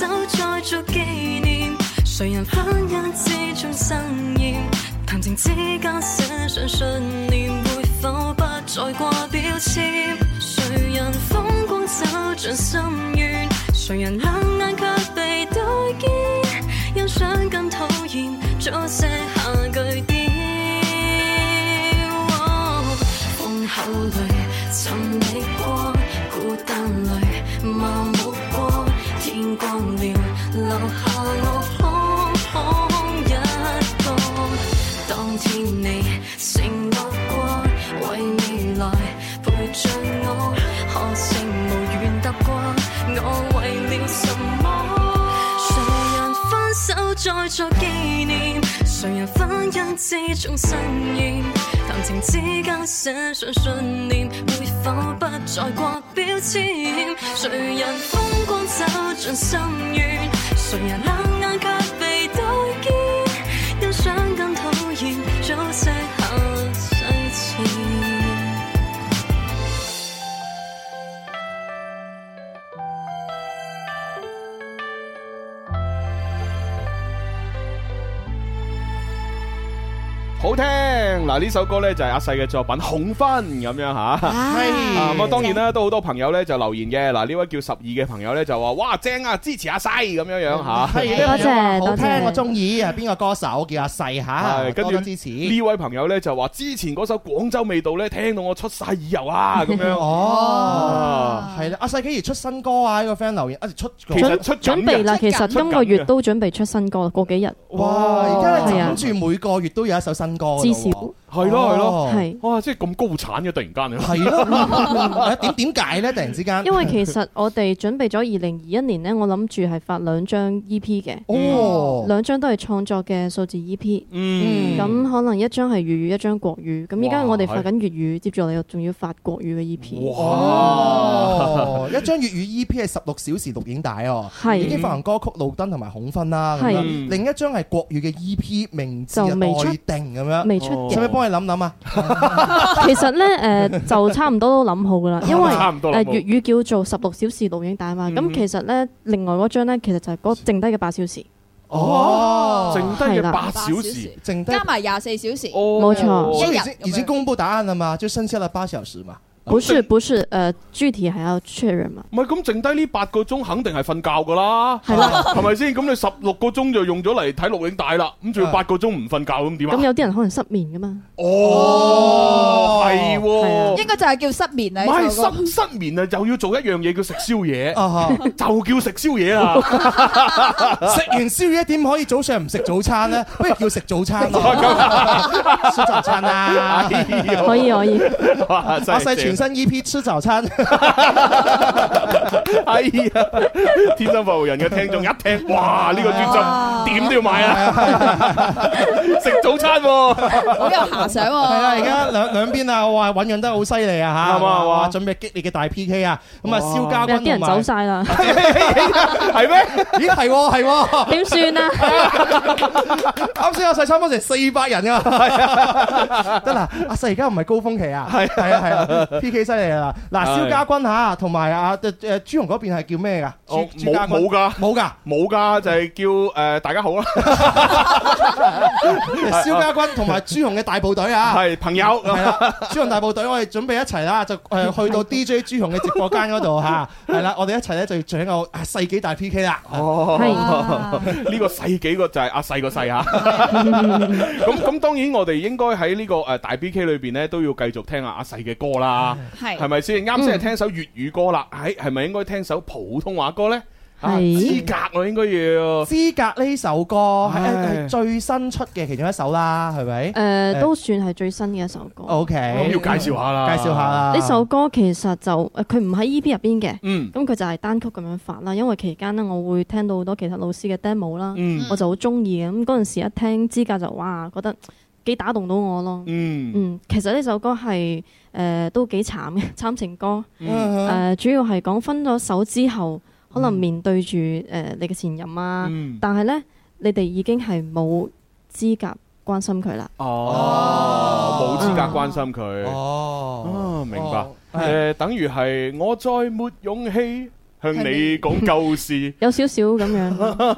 手再做紀念，誰人婚姻之中生厭？談情之間寫上信念，會否不再掛標籤？誰人風光走進心願？誰人肯？之中心願談情之間，寫上信念，會否不再掛標籤？誰人風光走進心願，誰人冷眼卻。好聽嗱呢首歌呢就係阿細嘅作品《恐婚》咁樣吓，咁啊當然啦都好多朋友呢就留言嘅嗱呢位叫十二嘅朋友呢就話哇正啊支持阿細咁樣樣吓，多謝好聽我中意係邊個歌手叫阿細吓，跟住支持呢位朋友呢就話之前嗰首《廣州味道》呢，聽到我出晒耳油啊咁樣哦，係啦阿細幾時出新歌啊呢個 friend 留言，一出出準備啦，其實今個月都準備出新歌過幾日，哇係啊，諗住每個月都有一首新。至少，係咯係咯，係哇！即係咁高產嘅，突然間係咯，點點解呢？突然之間，因為其實我哋準備咗二零二一年呢，我諗住係發兩張 E P 嘅，哦，兩張都係創作嘅數字 E P，嗯，咁、嗯嗯、可能一張係粵語，一張國語，咁依家我哋發緊粵語，接住我哋又仲要發國語嘅 E P。嗯一張粵語 EP 係十六小時錄影帶哦，已經發行歌曲《路燈》同埋《恐婚》啦。咁另一張係國語嘅 EP，名字未定咁樣。未出嘅，使唔使幫你諗諗啊？其實咧，誒就差唔多都諗好噶啦，因為差唔多。粵語叫做十六小時錄影帶啊嘛。咁其實咧，另外嗰張咧，其實就係嗰剩低嘅八小時。哦，剩低嘅八小時，剩低加埋廿四小時。冇錯。已經已經公布答案啦嘛？就剩下了八小時嘛？不是，不是，誒，具體還要確認嘛。唔係咁，剩低呢八個鐘肯定係瞓覺噶啦，係啦，係咪先？咁你十六個鐘就用咗嚟睇錄影帶啦，咁仲要八個鐘唔瞓覺咁點啊？咁有啲人可能失眠噶嘛。哦，係，應該就係叫失眠啦。係失失眠啊，又要做一樣嘢叫食宵夜，就叫食宵夜啊。食完宵夜點可以早上唔食早餐呢？不如叫食早餐，食早餐啊，可以可以。全新 EP，吃早餐，哎呀！天生發人嘅聽眾一聽，哇！呢、呢個專輯點都要買、 哦、啊！食早餐喎，好有遐想喎。係啦，而家兩兩邊啊，哇！醞釀得好犀利啊嚇，哇、嗯！嗯嗯嗯、準備激烈嘅大 P K 啊，咁啊哇，嗯嗯、蕭嘉賓啲人走晒啦，係咩 嗎？咦，係喎、哦，係喎、哦，點 算啊？啱先阿細差唔多成四百人㗎，係 啊，得啊！阿細而家唔係高峰期啊，係啊，係啊。P K 犀利啊！嗱，肖家軍吓，同埋阿阿朱紅嗰邊係叫咩噶？朱家軍冇噶，冇噶，冇噶、uh, 啊，就係、是、叫誒、呃、大家好啦、啊、是是啦！肖家軍同埋朱紅嘅大部隊啊，係朋友朱紅大部隊，我哋準備一齊啦，就誒去到 D J 朱紅嘅直播間嗰度吓，係啦，我哋一齊咧就進行、啊、世紀大 P K、oh, 啦、啊。哦，呢個世紀、啊、個就係阿細個細吓。咁咁，當然我哋應該喺呢個誒大 P K 裏邊咧，都要繼續聽下阿細嘅歌啦。係，係咪先啱先係聽首粵語歌啦？喺係咪應該聽首普通話歌咧？啊是，資格我應該要，資格呢首歌係是最新出嘅其中一首啦，係咪？誒、呃，都算係最新嘅一首歌。O K，咁要介紹下啦，介紹下啦。呢首歌其實就誒，佢唔喺 E P 入邊嘅，嗯，咁佢就係單曲咁樣發啦。因為期間咧，我會聽到好多其他老師嘅 demo 啦、嗯，我就好中意嘅。咁嗰陣時一聽《資格》就哇，覺得。幾打動到我咯，嗯，嗯，其實呢首歌係誒、呃、都幾慘嘅，《慘情歌》嗯，誒、呃、主要係講分咗手之後，可能面對住誒、呃、你嘅前任啊，嗯、但係呢，你哋已經係冇資格關心佢啦。哦，冇資、哦、格關心佢。哦，哦明白，誒、哦呃、等於係我再沒勇氣。向你講舊事，有少少咁樣。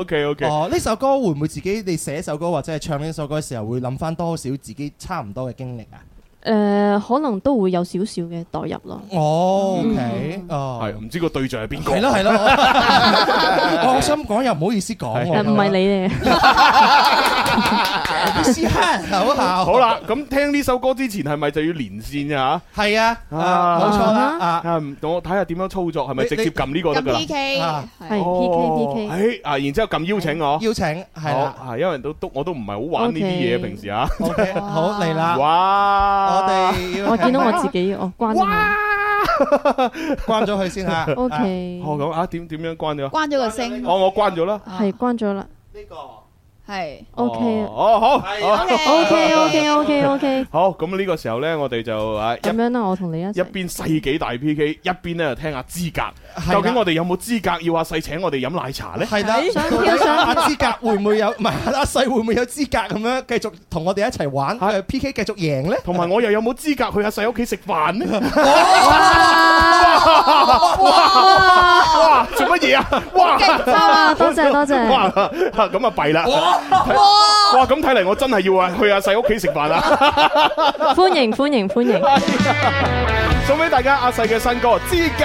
OK OK。哦，呢首歌會唔會自己你寫首歌或者係唱呢首歌嘅時候會諗翻多少自己差唔多嘅經歷啊？誒，可能都會有少少嘅代入咯。哦，OK，哦係，唔知個對象係邊個？係咯係咯。我心講又唔好意思講。誒，唔係你嘅。好啦，咁聽呢首歌之前係咪就要連線呀？吓，係啊，啊，冇錯啦，啊，等我睇下點樣操作，係咪直接撳呢個得噶啦？撳 P K，係 P K P K，啊，然之後撳邀請我，邀請，係啦，因為都都我都唔係好玩呢啲嘢，平時啊，好，嚟啦，哇，我哋，我見到我自己，我關，關咗佢先吓，O K，好咁啊，點點樣關咗？關咗個聲，哦，我關咗啦，係關咗啦，呢個。係，OK，哦，好，OK，OK，OK，OK，好，咁呢個時候咧，我哋就啊，咁樣啦，我同你一一邊世紀大 P K，一邊咧聽下資格，究竟我哋有冇資格要阿細請我哋飲奶茶咧？係啦，想唔想？阿資格會唔會有？唔係阿細會唔會有資格咁樣繼續同我哋一齊玩？下 P K，繼續贏咧？同埋我又有冇資格去阿細屋企食飯咧？哇！哇！做乜嘢啊？哇！多謝多謝，咁啊弊啦。哇！咁睇嚟，我真係要啊去阿細屋企食飯啦！歡迎歡迎歡迎，哎、送俾大家阿細嘅新歌《之格》。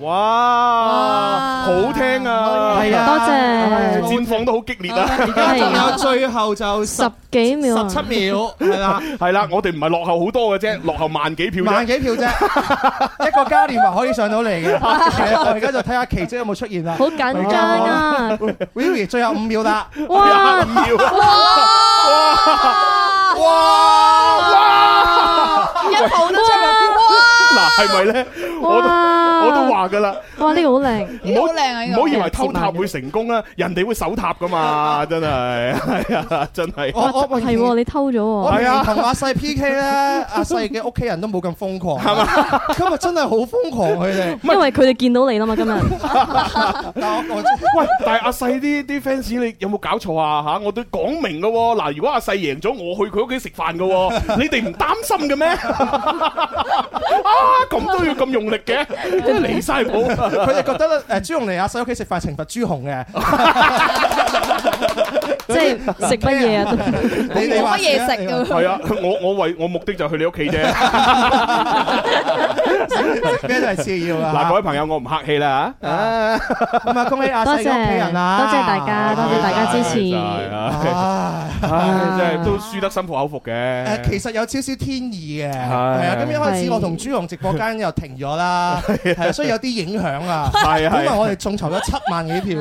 哇！好聽啊，係啊，多謝，戰況都好激烈啊！而家仲有最後就十幾秒，十七秒係嘛？係啦，我哋唔係落後好多嘅啫，落後萬幾票，萬幾票啫，一個嘉年華可以上到嚟嘅。我而家就睇下奇蹟有冇出現啊，好緊張啊！Willie，最後五秒啦！哇！哇！哇！哇！哇！有好多出啊！哇！嗱，係咪咧？我。我都話噶啦，哇呢個好靚，唔好靚啊！唔好以為偷塔會成功啊！人哋會手塔噶嘛，真係係啊，真係。我我係你偷咗喎。係啊，同阿細 PK 咧，阿細嘅屋企人都冇咁瘋狂係嘛？今日真係好瘋狂佢哋，因為佢哋見到你啦嘛今日。喂，但係阿細啲啲 fans，你有冇搞錯啊？吓，我都講明噶嗱，如果阿細贏咗，我去佢屋企食飯噶，你哋唔擔心嘅咩？啊，咁都要咁用力嘅？離晒譜，佢哋 覺得咧誒 朱紅嚟阿細屋企食飯，懲罰朱紅嘅。即係食乜嘢啊？你乜嘢食啊？係啊！我我為我目的就去你屋企啫。咩都係次要啦。嗱，各位朋友，我唔客氣啦咁啊，恭喜阿細嘅屋企人啊！多謝大家，多謝大家支持。真係都輸得心服口服嘅。誒，其實有少少天意嘅。係啊，咁一開始我同朱紅直播間又停咗啦，係啊，所以有啲影響啊。係啊，因為我哋仲籌咗七萬幾票。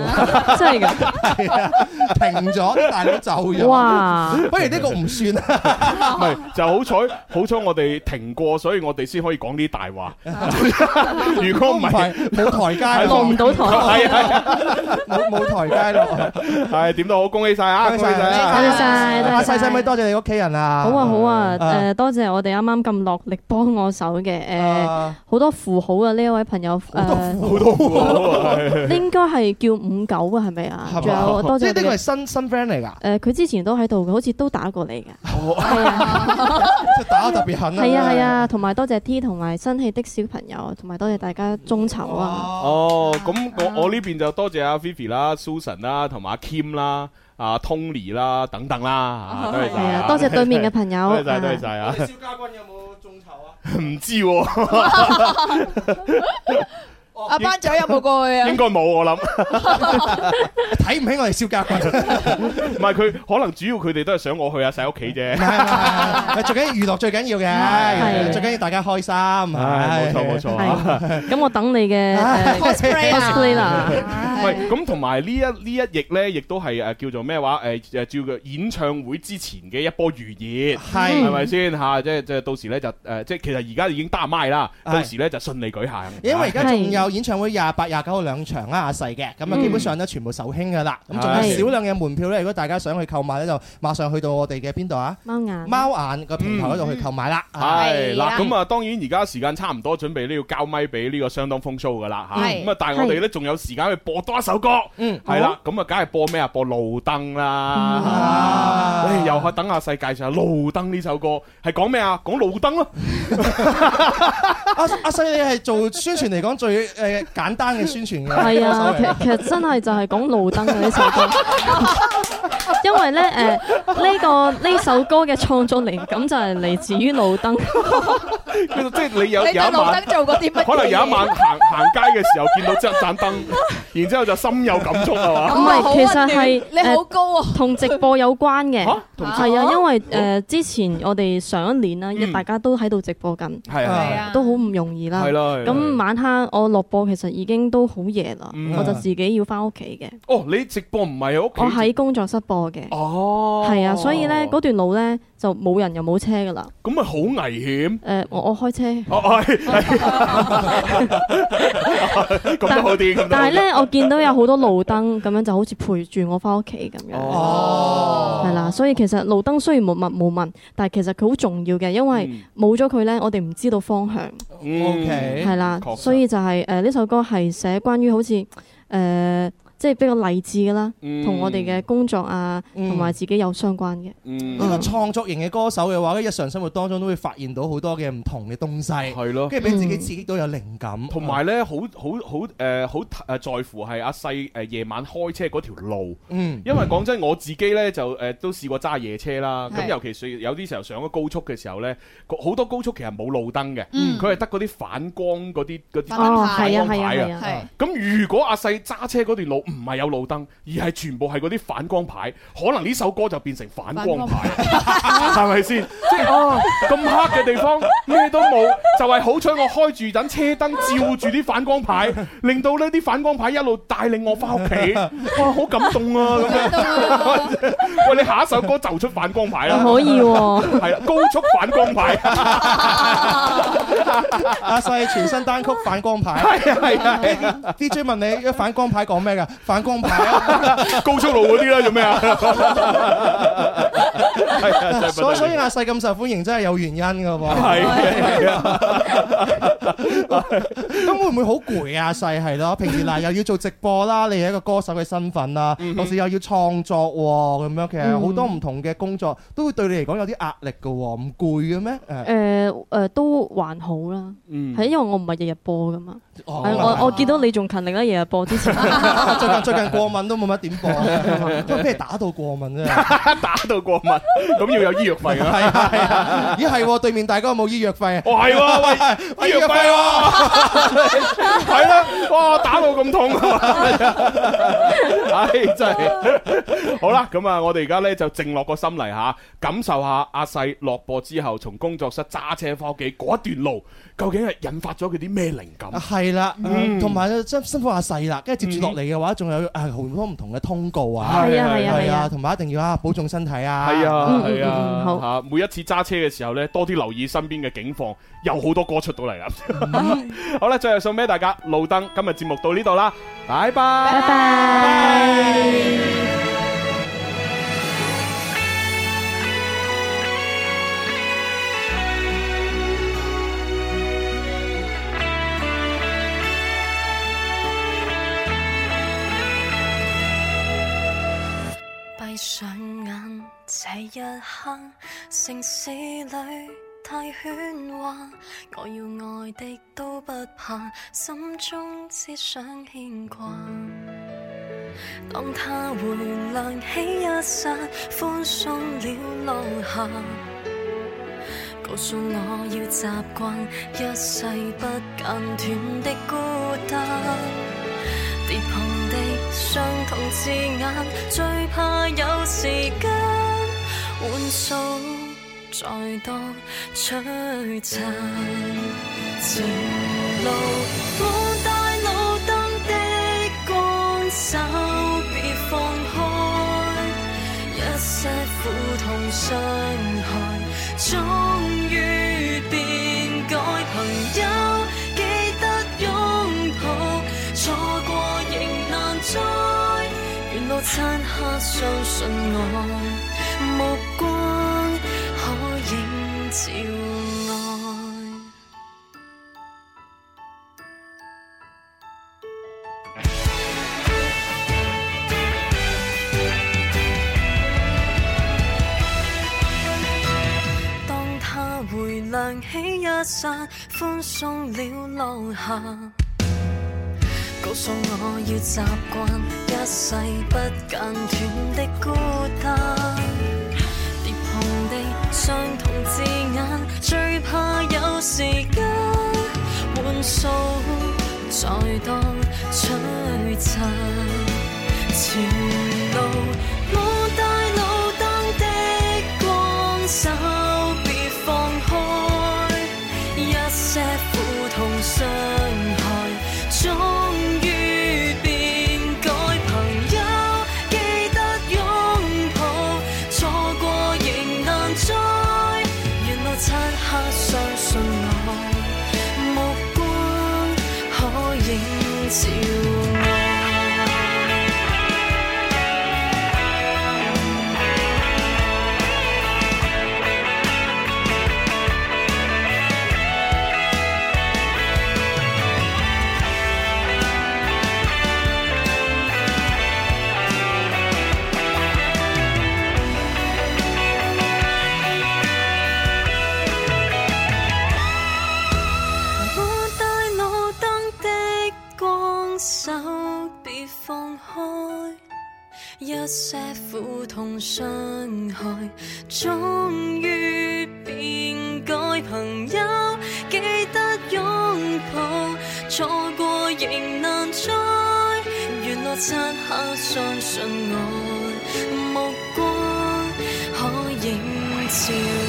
真係㗎。係啊，停咗。但係大佬走人哇，不如呢個唔算啊！唔係，就好彩，好彩我哋停過，所以我哋先可以講啲大話。如果唔係，冇台階落唔到台，係啊，冇冇台階落。係點都好，恭喜晒啊！多謝晒，多謝晒，多謝晒，唔該，多謝你屋企人啊！好啊，好啊，誒，多謝我哋啱啱咁落力幫我手嘅，誒，好多符號啊！呢一位朋友，誒，好多，應該係叫五九啊，係咪啊？仲有，即係呢個係新新 friend。嚟噶，誒佢之前都喺度嘅，好似都打過你嘅，係啊，即係打得特別狠啊！係啊係啊，同埋多謝 T 同埋新氣的小朋友，同埋多謝大家眾籌啊！哦，咁我我呢邊就多謝阿 Vivi 啦、Susan 啦、同埋阿 Kim 啦、阿 Tony 啦等等啦，多謝，啊，多謝對面嘅朋友，多謝多謝啊！小嘉賓有冇眾籌啊？唔知喎。阿班長有冇過去啊？應該冇我諗，睇唔起我哋蕭家軍。唔係佢可能主要佢哋都係想我去阿細屋企啫。係，最緊要娛樂最緊要嘅，最緊要大家開心。冇錯冇錯。咁我等你嘅。唔係，咁同埋呢一呢一役咧，亦都係誒叫做咩話？誒誒，照佢演唱會之前嘅一波預熱，係係咪先吓？即係即係到時咧就誒，即係其實而家已經打麥啦。到時咧就順利舉行。因為而家仲有。演唱會廿八廿九號兩場啦，阿細嘅咁啊，基本上都全部售罄噶啦。咁仲有少量嘅門票咧，如果大家想去購買咧，就馬上去到我哋嘅邊度啊？貓眼，貓眼個平台度去購買啦。係啦，咁啊，當然而家時間差唔多，準備都要交咪俾呢個相當風騷噶啦吓。係咁啊，但係我哋咧仲有時間去播多一首歌。嗯，係啦，咁啊，梗係播咩啊？播路燈啦。唉，又去等阿細介紹路燈呢首歌係講咩啊？講路燈咯。阿阿細，你係做宣傳嚟講最誒，簡單嘅宣傳嘅，係啊，其實其實真係就係講路燈嘅呢首歌。 因為咧，誒呢個呢首歌嘅創作靈感就係嚟自於路燈。即係你有有一晚做過啲乜？可能有一晚行行街嘅時候見到即係盞燈，然之後就深有感觸啊嘛。唔係，其實係誒，你好高啊，同直播有關嘅。嚇，係啊，因為誒之前我哋上一年啦，大家都喺度直播緊，係啊，都好唔容易啦。係咁晚黑我落播，其實已經都好夜啦，我就自己要翻屋企嘅。哦，你直播唔係喺屋企？我喺工作室播。哦，係啊，所以咧段路咧就冇人又冇車噶啦，咁咪好危險。誒、呃，我我開車，咁好啲。但係咧， 我見到有好多路燈咁樣，樣，就好似陪住我翻屋企咁樣。哦，係啦，所以其實路燈雖然默默無聞，但係其實佢好重要嘅，因為冇咗佢咧，我哋唔知道方向。O K，係啦，所以就係誒呢首歌係寫關於好似誒。呃即係比較勵志嘅啦，同我哋嘅工作啊，同埋自己有相關嘅。呢個創作型嘅歌手嘅話，喺日常生活當中都會發現到好多嘅唔同嘅東西。係咯，跟住俾自己刺激到有靈感。同埋咧，好好好誒，好在乎係阿細誒夜晚開車嗰條路。嗯，因為講真，我自己咧就誒都試過揸夜車啦。咁尤其是有啲時候上咗高速嘅時候咧，好多高速其實冇路燈嘅，佢係得嗰啲反光嗰啲嗰啲反光牌啊。係啊係啊。係。咁如果阿細揸車嗰段路，唔係有路燈，而係全部係嗰啲反光牌。可能呢首歌就變成反光牌，係咪先？即係哦，咁黑嘅地方咩都冇，就係好彩我開住等車燈照住啲反光牌，令到呢啲反光牌一路帶領我翻屋企。哇，好感動啊！咁樣，喂，你下一首歌就出反光牌啦。可以喎，係啦，高速反光牌。阿世全新單曲反光牌。係啊係，d j 問你一反光牌講咩㗎？反光牌、啊、 高速路嗰啲啦，做咩啊？ 哎、所以所以阿細咁受歡迎真係有原因噶噃。係咁，會唔會好攰啊？阿細係咯，平時嗱又要做直播啦，你係一個歌手嘅身份啦，同、mm hmm. 時又要創作咁樣，其實好多唔同嘅工作都會對你嚟講有啲壓力噶，唔攰嘅咩？誒、欸、誒、呃呃、都還好啦。嗯。係因為我唔係日日播噶嘛、哦的。我我見到你仲勤力啦，日日播之前。 最近過敏都冇乜點播，都咩打到過敏啫？打到過敏，咁要有醫藥費㗎。係啊係啊，咦係？對面大哥有冇醫藥費啊？係喎，喂，醫藥費喎。係啦，哇，打到咁痛啊！唉，真係好啦，咁啊，我哋而家咧就靜落個心嚟吓，感受下阿細落播之後，從工作室揸車翻屋企嗰段路，究竟係引發咗佢啲咩靈感？係啦，同埋辛苦阿細啦，跟住接住落嚟嘅話。仲有啊好多唔同嘅通告啊，係啊係啊係啊，同埋、啊啊啊啊、一定要啊保重身體啊，係啊係啊，好啊！嗯嗯、好每一次揸車嘅時候咧，多啲留意身邊嘅警況。有好多歌出到嚟啦， 嗯、好啦，最後送畀大家，路燈，今日節目到呢度啦，拜拜，拜拜 bye。Bye bye 那一刻，城市裏太喧嘩，我要愛的都不怕，心中只想牽掛。當他回亮起一剎，寬鬆了落下，告訴我要習慣一世不間斷的孤單。跌碰的傷痛字眼，最怕有時間。換數再多，摧璨前路滿 大路燈的光，手，別放開一些苦痛傷害，終於變改。朋友記得擁抱，錯過仍難再。沿路漆黑，相信我。散，寬鬆了落霞。告訴我要習慣一世不間斷的孤單。跌碰地相同字眼，最怕有時間換數再當摧殘。前路沒帶路燈的光線。痛傷害，終於變改。朋友記得擁抱，錯過仍難再。原路擦刻相信我，目光可映照。